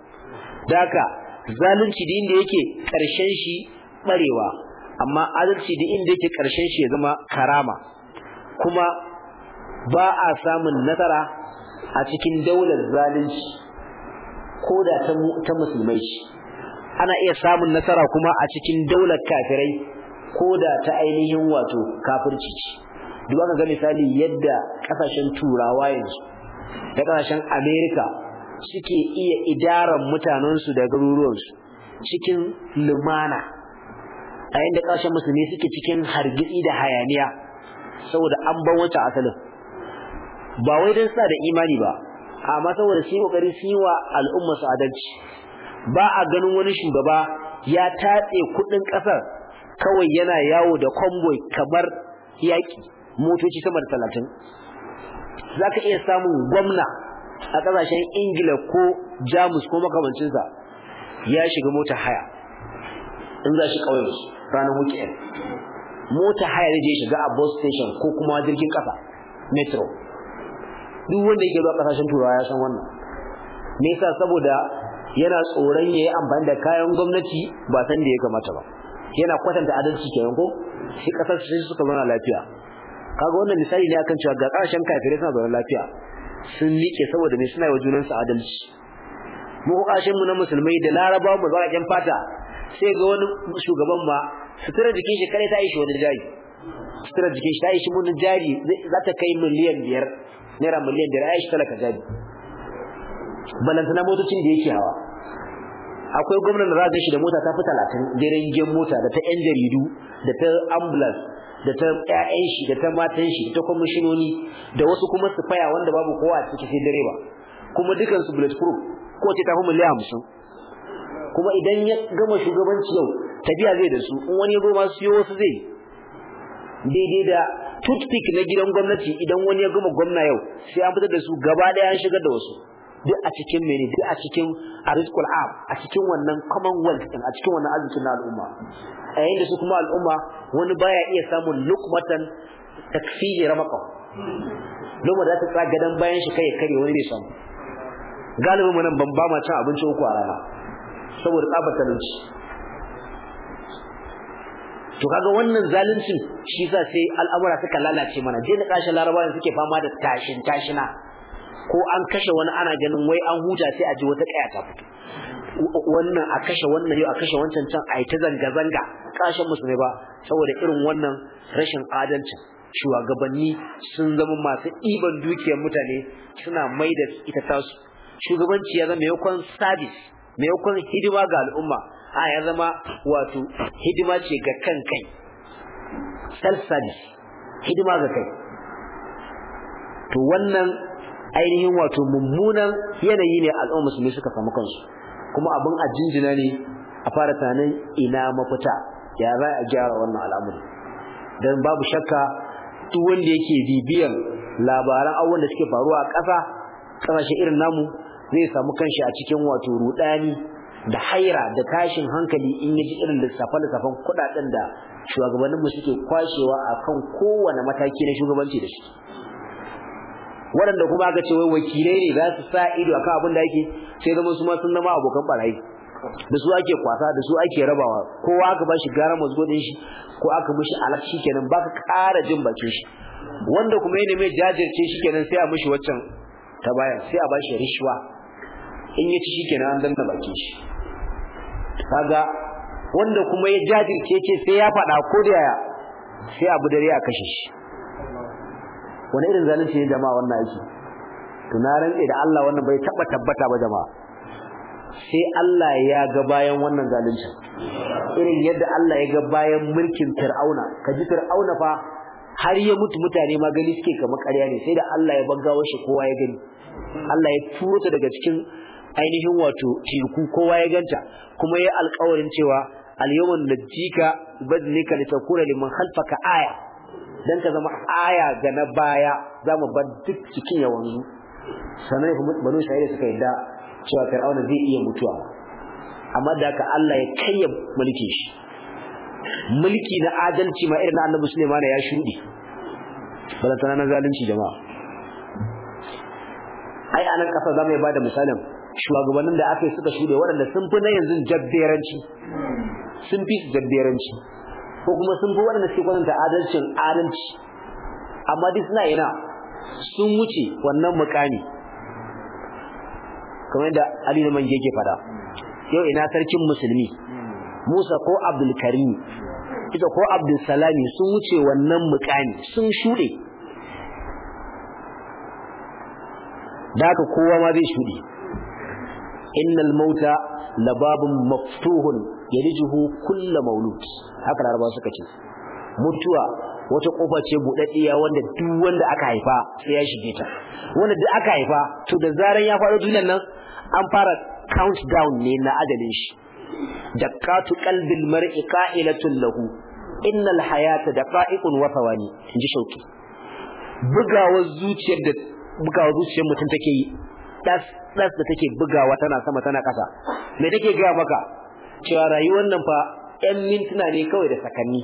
daka zalunci din da yake karshen shi barewa amma adalci din inda yake karshen shi ya zama karama kuma ba a samun nasara a cikin daular zalunci ko da ta musulmai ana iya samun nasara kuma a cikin daular kafirai koda ta ainihin wato kafirci ce duk aka ga misali yadda kasashen turawa yanzu da kasashen America suke iya idaran mutanensu da garuruwansu cikin lumana a yadda kasashen musulmi suke cikin hargitsi da hayaniya saboda an ban wata asalin ba wai don suna da imani ba amma saboda su yi kokari su yi wa al'umma adalci ba a ganin wani shugaba ya tatse kuɗin ƙasar? kawai yana yawo da kwamboi kamar yaƙi motoci sama da talatin za ka iya samun gwamna a ƙasashen ingila ko jamus ko makamancinsa ya shiga mota haya in za shi ƙauyen ranar weekend mota haya da je shiga a bus station ko kuma jirgin ƙasa metro duk wanda yake zuwa ƙasashen turawa ya san wannan me yasa saboda yana tsoron ya yi amfani da kayan gwamnati ba san da ya kamata ba yana kwatanta adalci kenan ko shi kasar shi suka zauna lafiya kaga wannan misali ne akan cewa ga karshen kafire suna zauna lafiya sun nike saboda me suna yi wa junansu adalci mu karshen mu na musulmai da laraba mu za a fata sai ga wani shugaban ma sutura jikin shi kare ta yi shi wani jari sutura jikin shi ta yi shi mun jari za ta kai miliyan biyar naira miliyan biyar a yi shi talaka jari balantana motocin da yake hawa akwai gwamnan da za shi da mota ta fi talatin jirgin mota da ta yan jaridu da ta ambulance da ta ƴaƴan shi da ta matan shi da kwamishinoni da wasu kuma su faya wanda babu kowa a cikin sai direba kuma dukan su bullet proof ko ce ta fi miliyan hamsin kuma idan ya gama shugabanci yau tafiya zai da su in wani ya goma su yi wasu zai daidai da toothpick na gidan gwamnati idan wani ya gama gwamna yau sai an fitar da su gaba ɗaya an shigar da wasu duk a cikin mene duk a cikin arzikul am a cikin wannan commonwealth din a cikin wannan arzikin na al'umma a yayin da su kuma al'umma wani baya iya samun lukmatan takfiri ramaka lokacin da ta tsaya gadan bayan shi kai kare wani bai samu galibin mu nan ban ba ma cin abinci uku a rana saboda tsabar talauci to kaga wannan zalunci shi sa sai al'amura suka lalace mana je na kashin larabawa suke fama da tashin tashina ko an kashe wani ana ganin wai an huta sai a ji wata kaya ta fito wannan a kashe wannan yau a kashe wancan can a yi ta zanga-zanga musu musulmai ba saboda irin wannan rashin adalci, shugabanni sun zama masu ɗiban dukiyar mutane suna mai da ita tasu shugabanci ya zama maimakon sabis, maimakon hidima ga al'umma a ya zama wato hidima ce ga kan kai self service hidima ga kai to wannan ainihin wato mummunan yanayi ne al'ummar musulmi suka samu kansu kuma abin a jinjina ne a fara tunanin ina mafita ya za a gyara wannan al'amari dan babu shakka duk wanda yake bibiyan labaran abubuwan da suke faruwa a ƙasa ƙasashe irin namu zai samu kanshi a cikin wato rudani da haira da kashin hankali in yaji irin lissafe-lissafen kuɗaɗen da shugabanninmu suke kwashewa a kan kowane mataki na shugabanci da shi waɗanda kuma aka ce wai wakilai ne za su sa ido akan abin da yake sai zama su ma sun zama abokan barayi da su ake kwasa da su ake rabawa kowa aka ba shi gara mazgo din shi ko aka mishi alak ba ka ƙara jin bakin shi wanda kuma yana mai jajirce shi kenan sai a mishi waccan ta baya sai a ba shi rishwa in ya ci kenan an danna bakin shi kaga wanda kuma ya jajirce ce sai ya faɗa ko da yaya sai abu dare a kashe shi wani irin zalunci ne jama'a wannan aiki to na rantse da Allah wannan bai taba tabbata ba jama'a sai Allah ya ga bayan wannan zalunci irin yadda Allah ya ga bayan mulkin Fir'auna ka ji Fir'auna fa har ya mutu mutane ma gani suke kamar ƙarya ne sai da Allah ya banga shi kowa ya gani Allah ya turo ta daga cikin ainihin wato teku kowa ya ganta kuma ya alƙawarin cewa al-yawma najjika badnika litakuna liman khalfaka aya dan ka zama aya ga na baya zamu bar duk cikin ya wanzu sanai kuma banu da suka yadda cewa Fir'auna zai iya mutuwa amma da ka Allah ya kayya mulki shi mulki na adalci ma irin Annabi Sulaiman ya shudi tana na zalunci jama'a ai anan kafa zamu ya bada misalin shugabannin da aka yi suka shude waɗanda sun fi na yanzu jabberanci sun fi jabberanci ko kuma sun fi waɗanda suke kwatanta adalcin adalci amma duk suna ina sun wuce wannan mukami kamar yadda Ali da Mange ke fada yau ina sarkin musulmi Musa ko Abdul Karim ita ko Abdul Salami sun wuce wannan mukami sun shuɗe da haka kowa ma zai shuɗe innal mauta lababun maftuhun yalijuhu kullu maulud haka larabawa suka ce mutuwa wata kofa ce budaddiya wanda duk wanda aka haifa sai ya shige ta wanda duk aka haifa to da zaran ya faɗo duniyar nan an fara down ne na adalin shi dakkatu qalbil mar'i qa'ilatun lahu innal hayata daqa'iqun wa thawani inji shauki bugawar zuciyar da bugawar zuciyar mutum take yi das das da take bugawa tana sama tana kasa me take gaya maka cewa rayuwar nan fa ɗan mintuna ne kawai da sakanni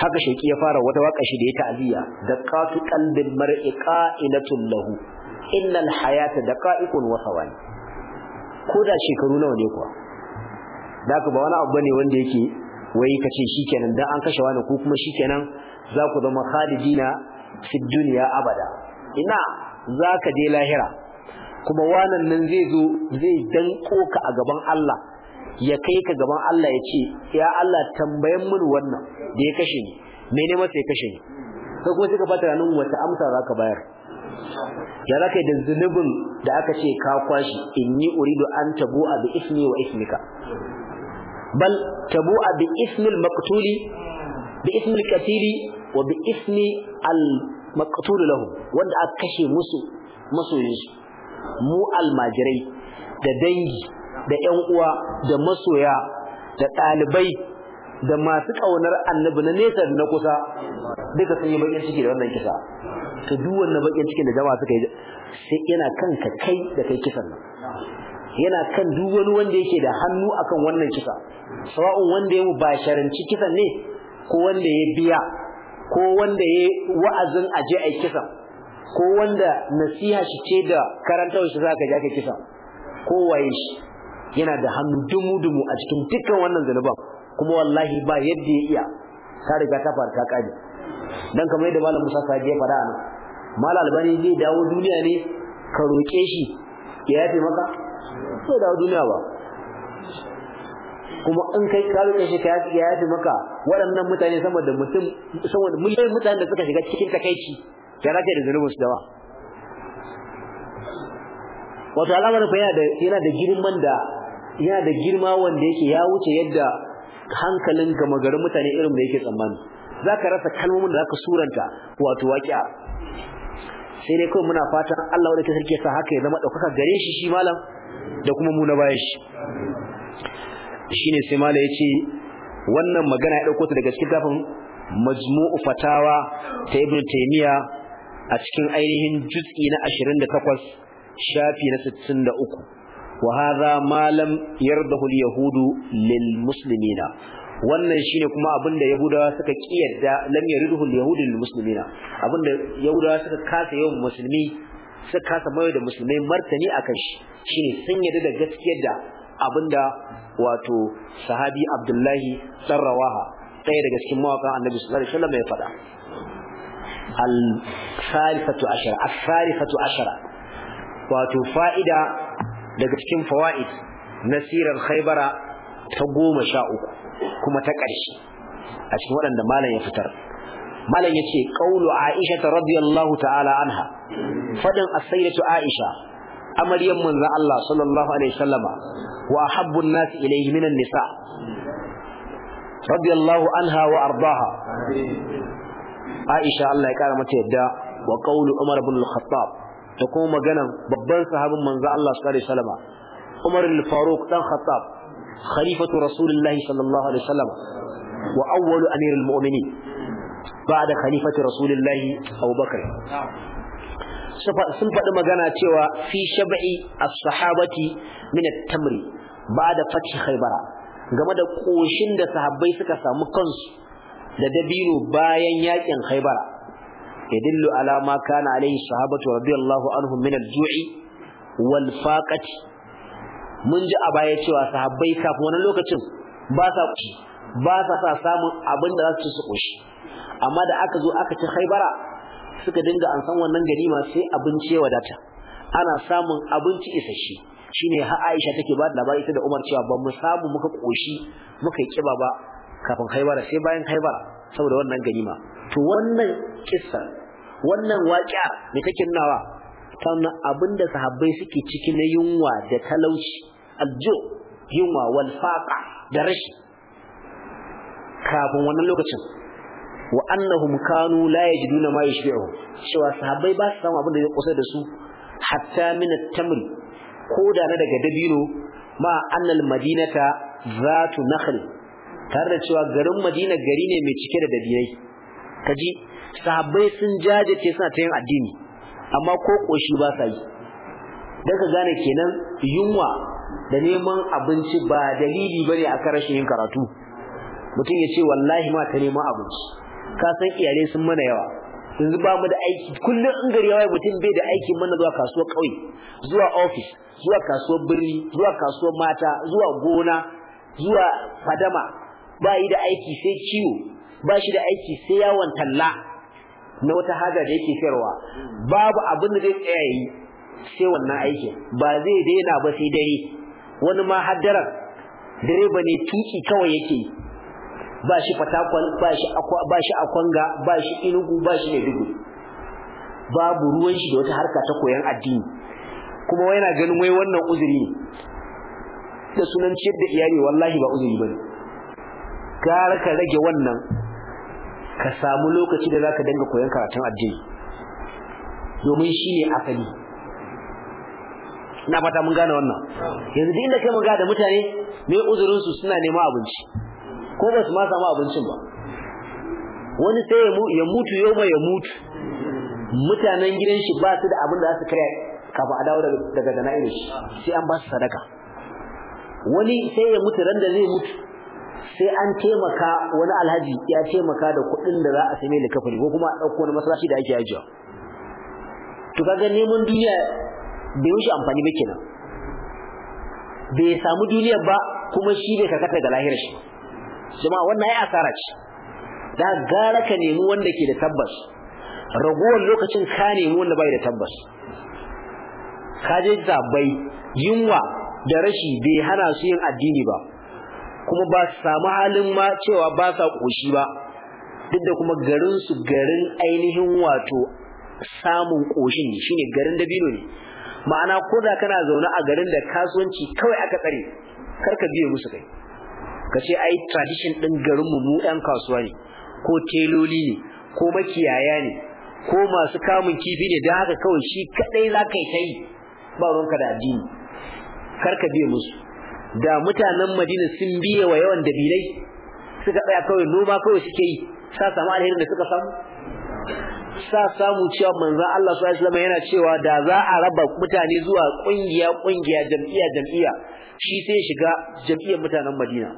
haka sheki ya fara wata waka shi da ya ta'aliya da qatu qalbin mar'i qa'ilatul lahu innal hayata daqa'iqun wa thawani ko da shekaru nawa ne kuwa da ka ba wani abu bane wanda yake wai kace shikenan dan an kashe wani ko kuma shikenan za ku zama khalidina fi dunya abada ina zaka je lahira kuma wanan nan zai zo zai danko ka a gaban Allah ya kai ka gaban Allah ya ce ya Allah tambayan mun wannan da ya kashe ni me ne masa ya kashe ni sai kuma suka fata nan wata amsa za ka bayar ya za da zunubin da aka ce ka kwashi yi uridu an tabu a bi ismi wa ismika bal tabu a bi ismil maqtuli bi ismil katili wa bi ismi al lahu wanda aka kashe musu masoyinsu mu almajirai da dangi da ƴan uwa da masoya da ɗalibai da masu ƙaunar annabi na nesa da na kusa duka sun yi bakin ciki da wannan kisa to duk wannan bakin cikin da jama'a suka yi sai yana kan ka kai da kai kisan nan yana kan duk wani wanda yake da hannu akan wannan kisa sawa'un wanda ya mubasharanci kisan ne ko wanda ya biya ko wanda ya wa'azin aje ai kisan ko wanda nasiha shi ce da karanta shi za ka ja ka kisa ko waye shi yana da hannu dumu-dumu a cikin dukkan wannan zanuban kuma wallahi ba yadda ya iya ta riga ta faru ta kaji dan kamar yadda malam Musa Sadi ya da ana, malam Albani zai dawo duniya ne ka roƙe shi ya yafe maka sai dawo duniya ba kuma in kai ka roƙe shi ka yafe maka waɗannan mutane sama da mutum sama da miliyoyin mutanen da suka shiga cikin takaici ya da zunubin su dawa wato da yana da girman yana da girma wanda yake ya wuce yadda hankalin gama garin mutane irin da yake tsammani zaka rasa kalmomin da zaka suranta wato waqi'a sai dai kawai muna fatan Allah wanda ke sarki sa haka ya zama daukaka gare shi shi malam da kuma mu na baya shi shine sai malam yace wannan magana ya dauko ta daga cikin tafin majmu'u fatawa ta ibnu taymiya a cikin ainihin juz'i na 28 shafi na 63 wa hadha ma lam yardahu al-yahudu lil muslimina wannan shine kuma abinda yahudawa suka kiyarda lam yardahu al-yahudu lil muslimina abinda yahudawa suka kasa yawan musulmi suka kasa mayar da musulmai martani akan shi shine sun yarda da gaskiyar da abinda wato sahabi Abdullahi Sarrawaha, Rawaha ɗaya daga cikin mawakan Annabi sallallahu alaihi wasallam ya faɗa al-thalithatu ashara al-thalithatu ashara wato fa'ida daga cikin fawaid na sirar khaybara ta goma sha uku kuma ta ƙarshe a cikin waɗanda malam ya fitar malam yace qaulu aisha radiyallahu ta'ala anha fadin as-sayyidatu aisha amaryan manzo Allah sallallahu alaihi wasallama wa ahabbu an-nas ilayhi minan nisa radiyallahu anha wa ardaha Aisha Allah ya kara mata yadda wa qawlu Umar ibn al-Khattab da kuma magana babban sahabin manzo Allah sallallahu alaihi wasallam Umar al-Faruq dan Khattab khalifatu Rasulullah sallallahu alaihi wasallam wa awwalu amir al-mu'minin ba'da khalifati Rasulullah Abu Bakr sun faɗi magana cewa fi shab'i as-sahabati min at-tamri ba'da fath Khaybar game da koshin da sahabbai suka samu kansu da dabino bayan yakin khaybara yadullu ala ma kana alaihi sahabatu radiyallahu anhum min al-ju'i wal faqati mun ji a baya cewa sahabbai kafin wannan lokacin ba sa kushi ba sa sa samun abin da za su su kushi amma da aka zo aka ci Khaibara suka dinga an san wannan ganima sai abinci ya wadata ana samun abinci isasshe shine ha Aisha take ba da labari ita da Umar cewa ba mu samu muka koshi muka yi kiba ba kafin haibara sai bayan haibara saboda wannan ganima to wannan kissa wannan waƙiya mai take nawa ta abinda sahabbai suke ciki na yunwa da talauci aljo yunwa wal faqa da rashi kafin wannan lokacin wa annahum kanu la yajiduna ma yashbi'u cewa sahabbai ba su samu abin da ya kusa da su hatta min at-tamr ko da na daga dabino ma annal madinata zatu nakhl tare da cewa garin Madina gari ne mai cike da dabi'ai kaji sahabbai sun jajace suna ta yin addini amma ko koshi ba sa yi dan ka gane kenan yunwa da neman abinci ba dalili ba bane akan rashin yin karatu mutum ya ce wallahi ma ta neman abinci ka san iyalai sun mana yawa yanzu ba mu da aiki kullum in gari yawa mutum bai da aiki mana zuwa kasuwar ƙauye zuwa ofis zuwa kasuwar birni zuwa kasuwar mata zuwa gona zuwa fadama ba yi da aiki sai ciwo ba shi da aiki sai yawon talla na wata haja da yake sayarwa babu abin da zai tsaya yi sai wannan aikin ba zai daina ba sai dare wani ma haddara direba ne tuki kawai yake yi ba shi fatakwal ba shi akwanga ba shi inugu ba shi maiduguri babu ruwan shi da wata harka ta koyan addini kuma wai yana ganin wai wannan uzuri da sunan ciyar da iyali wallahi ba uzuri bane gara ka rage wannan ka samu lokaci da zaka dinga koyon karatun addini domin shine asali ina fata mun gane wannan yanzu duk inda kai mun da mutane mai uzurin su suna neman abinci ko ba su ma samu abincin ba wani sai ya mutu yau ma ya mutu mutanen gidan shi ba su da abin da za su kare kafa a dawo daga jana'ir shi sai an ba su sadaka wani sai ya mutu ran da zai mutu sai an taimaka wani alhaji ya taimaka da kuɗin da za a sai mai likafari ko kuma a ɗauko wani masallaci da ake ajiya to kaga neman duniya bai wuce amfani ba kenan bai samu duniya ba kuma shi bai karkata ga lahirar shi jama'a wannan ya asara ce da gara ka nemi wanda ke da tabbas Raguwar lokacin ka nemi wanda bai da tabbas ka je zabai yunwa da rashi bai hana su yin addini ba kuma ba su samu halin ma cewa ba sa ƙoshi ba duk da kuma garin su garin ainihin wato samun ƙoshin ne shine garin dabino ne ma'ana ko da kana zaune a garin da kasuwanci kawai aka tsare kar ka biye musu kai ka ce ai tradition din garin mu mu ɗan kasuwa ne ko teloli ne ko makiyaya ne ko masu kamun kifi ne da haka kawai shi kadai za ka yi ta yi ba ruwanka da addini kar ka biye musu da mutanen Madina sun biye wa yawan dabilai suka tsaya kawai noma kawai suke yi sa samu alherin da suka samu sa samu cewa manzo Allah sallallahu alaihi wasallam yana cewa da za a raba mutane zuwa kungiya kungiya jam'iyya jam'iyya shi sai shiga jam'iyyar mutanen Madina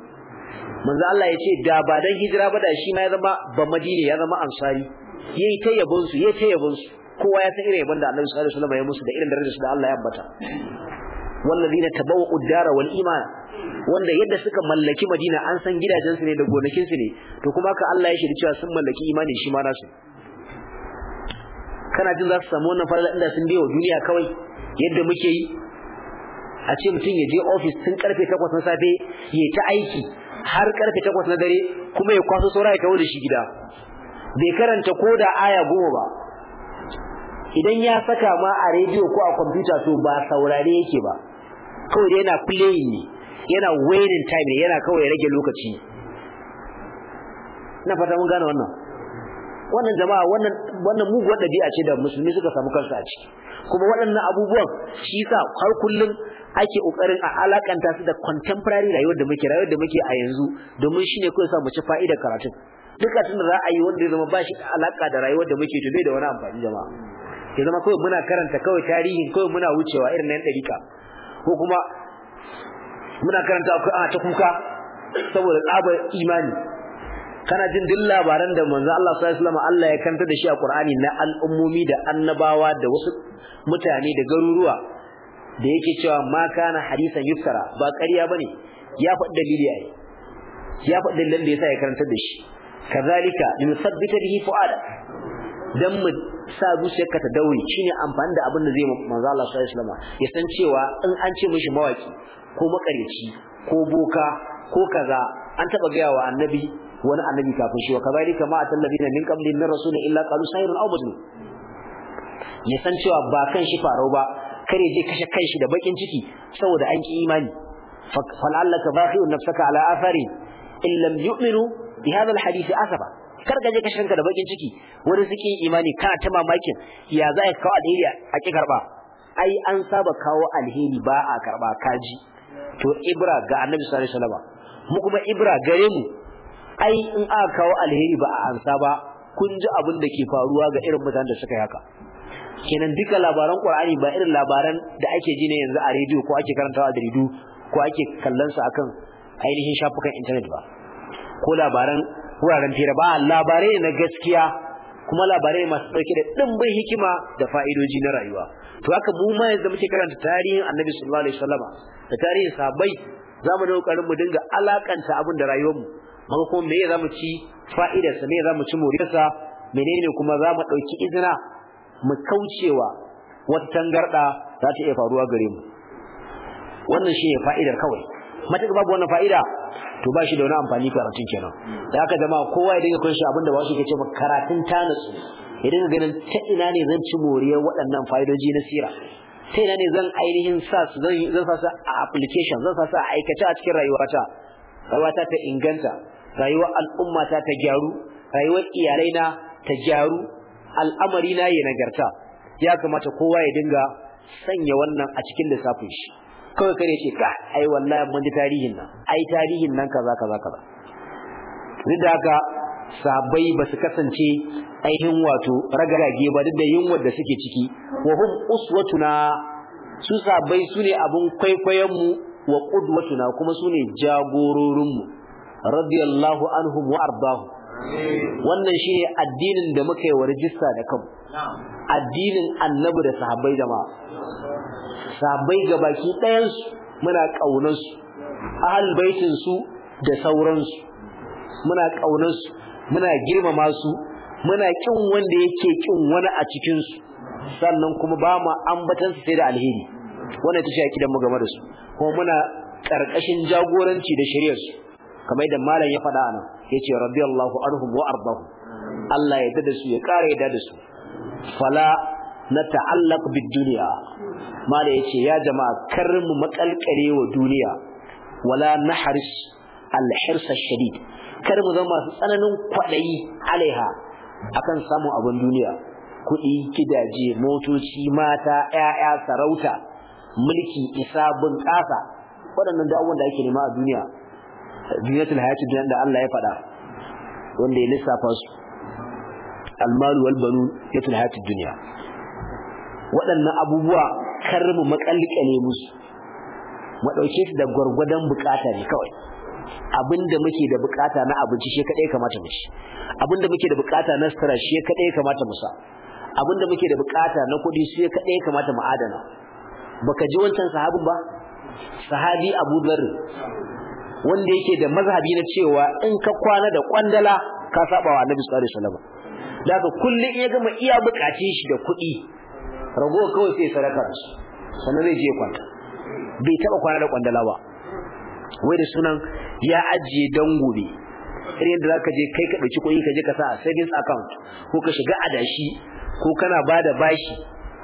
manzo Allah ya ce da ba dan hijira ba da shi ma ya zama ba Madina ya zama ansari yayi ta yabon su yayi ta yabon su kowa ya san irin yabon da Annabi sallallahu alaihi wasallam ya musu da irin darajar da Allah ya ambata Wannan zina ta dara wal iman wanda yadda suka mallaki Madina an san gidajensu ne da gonakinsu ne to kuma ka Allah ya shirya cewa sun mallaki imani shi ma kana jin za su samu wannan farala inda sun biyo duniya kawai yadda muke yi a ce mutum ya je ofis sun karfe 8 na safe ya ta aiki har karfe 8 na dare kuma ya kwaso saura ya kawo da shi gida bai karanta ko da aya goma ba idan ya saka ma a rediyo ko a kwamfuta to ba saurare yake ba kawai yana playing ne yana waiting time ne yana kawai rage lokaci na fata mun gane wannan wannan jama'a wannan wannan muguwar dabi'a ce da musulmi suka samu kansu a ciki kuma waɗannan abubuwan shi sa har kullum ake kokarin a alakanta su da contemporary rayuwar da muke rayuwar da muke a yanzu domin shine kawai sa mu ci fa'idar karatun duka tun yi wanda ya zama ba shi alaka da rayuwar da muke to bai da wani amfani jama'a ya zama kawai muna karanta kawai tarihin kawai muna wucewa irin nan dariƙa ko kuma muna karanta Qur'ani ta kuka saboda tsabar imani kana jin duk labaran da manzo Allah sallallahu alaihi wasallam Allah ya kanta da shi a Qur'ani na al'ummomi da annabawa da wasu mutane da garuruwa da yake cewa ma kana hadisan Yusra, ba ƙarya bane ya faɗi dalili ai ya faɗi dalilin da yasa ya karanta da shi kazalika sabbita bihi fu'ada dan mu sa zuciyarka ta daure shine amfani da abin da zai manzo Allah sallallahu alaihi wasallam ya san cewa in an ce mishi mawaki ko makareci ko boka ko kaza an taba gaya wa annabi wani annabi kafin shi wa kazalika ma atallabina min na min rasul illa qalu sayrun aw badlu ya san cewa ba kan shi faro ba kare je kashe shi da bakin ciki saboda an ki imani falallaka baqi'un nafsaka ala athari in lam yu'minu bi hadha alhadith asaba kar ka je ka shanka da bakin ciki wani suke imani kana ta mamakin ya za ka kawo alheri a ki karba ai an saba kawo alheri ba a karba kaji to ibra ga annabi sallallahu alaihi wasallam mu kuma ibra gare mu ai in aka kawo alheri ba a ansa ba kun ji abin da ke faruwa ga irin mutanen da suka yi haka kenan duka labaran Qur'ani ba irin labaran da ake ji ne yanzu a rediyo ko ake karantawa a radio ko ake kallon su akan ainihin shafukan internet ba ko labaran wuraren fira ba labarai na gaskiya kuma labarai masu dauke da dimbin hikima da fa'idoji na rayuwa to haka mu ma yanzu muke karanta tarihin Annabi sallallahu alaihi wasallam da tarihin sahabbai zamu da kokarin mu dinga alakanta abin da rayuwar mu amma kuma me zamu ci fa'idar sa me zamu ci moriyarsa menene kuma zamu dauki izina mu kaucewa wata tangarda za ta iya faruwa gare mu wannan ne fa'idar kawai matuƙa babu wannan fa'ida to ba shi da wani amfani karatun kenan da aka zama kowa ya dinga shi abinda ba su ke cewa karatun ta natsu ya dinga ganin ta ina ne zan ci moriyar waɗannan fa'idoji na sira ta ina ne zan ainihin sa su zan sa a application zan sa a aikace a cikin rayuwata rayuwa ta inganta rayuwar al'ummata ta gyaru rayuwar iyalai na ta gyaru al'amari na ya nagarta ya kamata kowa ya dinga sanya wannan a cikin lissafin shi kawai kare ce ga ai wallahi mun ji tarihin nan ai tarihin nan kaza kaza kaza duk da haka sabai ba su kasance ainihin wato ragarage ba duk da da suke ciki wa hum uswatuna su sabai su ne abun kwaikwayon mu wa qudwatuna kuma su ne jagororin mu radiyallahu anhum wa ardahu wannan shine addinin da muka yi wa rajista da kanmu addinin annabi da sahabbai ma ga ga ɗayan su muna ƙaunarsu su ahlul baitin su da sauransu muna ƙaunar su muna girmama su muna kin wanda yake kin wani a cikin su sannan kuma ba mu ambatan su sai da alheri wannan tashi akidan mu game da su kuma muna karkashin jagoranci da shari'ar su kamar da malam ya faɗa anan yace radiyallahu anhum wa arbahu Allah ya yarda da su ya kare ya da su fala na ta'allaq bid dunya mala yace ya jama'a kar mu makalkare wa duniya wala nahris al hirs shadid kar mu zama masu tsananin kwadayi alaiha akan samun abin duniya kuɗi gidaje motoci mata ƴaƴa sarauta mulki isa bunƙasa waɗannan da abubuwan da ake nema a duniya duniyatul hayatid dunya da Allah ya faɗa wanda ya lissafa su المال والبنون مثل هذه الدنيا waɗannan abubuwa karmu makallike ne musu mu dauke su da gwargwadon bukata ne kawai abinda muke da bukata na abinci shi kadai kamata mu ci abinda muke da bukata na sutura shi kadai kamata mu sa abinda muke da bukata na kudi shi kadai kamata mu adana baka ji wancan sahabin ba sahabi Abu Dharr wanda yake da mazhabi na cewa in ka kwana da kwandala ka saba wa Annabi sallallahu alaihi wasallam da ka kullun ya gama iya bukacin shi da kudi ragowa kawai sai sadaka da sannan zai je kwanta bai taba kwana da kwandala ba wai da sunan ya ajiye dan gobe irin da zaka je kai ka dauki kuɗi ka je ka sa a savings account ko ka shiga adashi ko kana bada bashi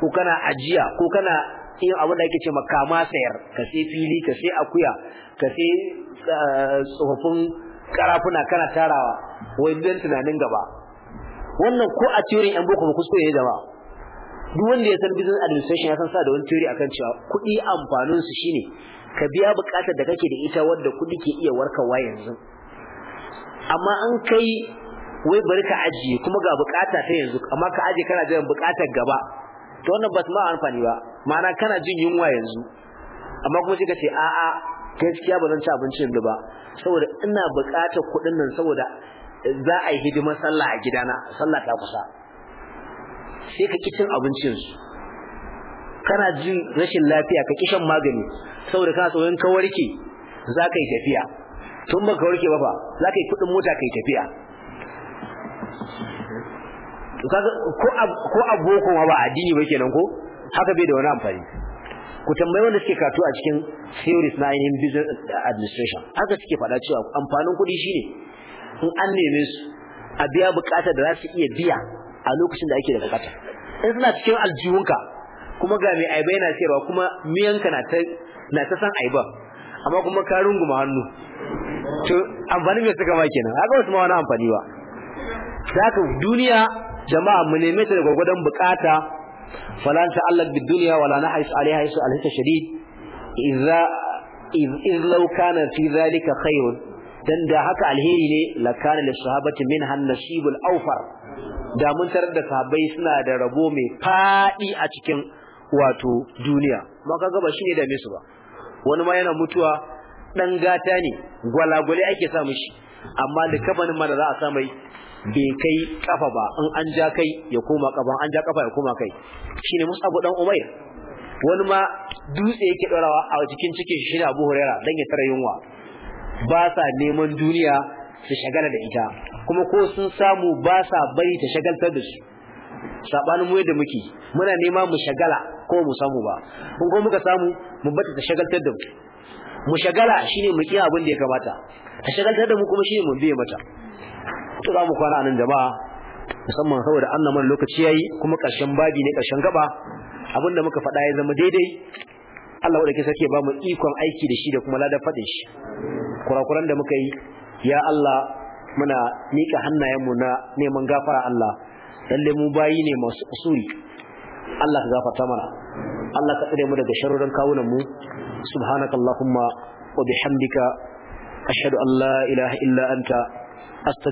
ko kana ajiya ko kana yin abin da ake ce kama sayar ka sai fili ka sai akuya ka sai eh, tsofaffin karafuna kana tarawa wai don tunanin gaba wannan ko a teorin yan boko ba kuskure ne jama'a duk wanda ya san business administration ya san sa da wani theory akan cewa kuɗi amfanin su shine ka biya bukatar da kake da ita wanda kuɗi ke iya warkarwa yanzu amma an kai wai bari ka ajiye kuma ga bukata ta yanzu amma ka ajiye kana jiran buƙatar gaba to wannan ba ma amfani ba ma'ana kana jin yunwa yanzu amma kuma sai ka ce a'a gaskiya ba zan ci abinci yanzu ba saboda ina bukatar kuɗin nan saboda za a yi hidimar sallah a gidana sallah ta kusa sai ka kicin abincinsu kana jin rashin lafiya ka kishan magani saboda kana tsoron ka warke za ka yi tafiya tun ba ka warke ba ba za ka yi kuɗin mota ka yi tafiya ko abokan ma ba addini ba kenan ko haka bai da wani amfani ku tambayi wanda suke karatu a cikin theories na ainihin business administration haka suke faɗa cewa amfanin kuɗi shine in an neme su a biya buƙatar da za su iya biya a lokacin da ake da bukata in suna cikin aljihunka kuma ga mai aiba yana sayarwa kuma miyanka na ta na ta san aiba amma kuma ka runguma hannu to amfani mai saka ma kenan haka wasu ma wani amfani ba zaka duniya jama'a mu neme ta da gwargwadon bukata fala ta'allaq bid dunya wala nahis alaiha isu alhisa shadid idza iz law kana fi dhalika dan da haka alheri ne la kana lis sahabati han nasibul awfar da mun tarar da sahabbai suna da rabo mai fadi a cikin wato duniya ba ka ga ba shine da su ba wani ma yana mutuwa dan gata ne gwalagwale ake sa shi. amma likafanin ma da za a sa mai bai kai kafa ba in an ja kai ya koma kafa an ja kafa ya koma kai shine musabu dan umair wani ma dutse yake dorawa a cikin cikin shi ne abu huraira dan ya tara yunwa ba sa neman duniya su shagala da ita kuma ko sun samu ba sa bari ta shagaltar da su sabanin mu yadda muke muna nema mu shagala ko mu samu ba kun ko muka samu mu bata ta shagaltar da mu mu shagala shine mu kiya abin da ya kamata ta shagaltar da mu kuma shine mu biye mata to za mu kwana nan jama'a musamman saboda annan man lokaci yayi kuma karshen babi ne karshen gaba abin da muka faɗa ya zama daidai Allah wadda ke sake ba mu ikon aiki da shi da kuma ladar faɗin shi kurakuran da muka yi ya Allah muna hannayen hannayenmu na neman gafara Allah lalle mu bayi ne masu usuri Allah ka gafarta mana Allah ka tsare mu daga sharrorin kawunan mu subhanakallahumma wa bihamdika ashhadu an la ilaha illa anta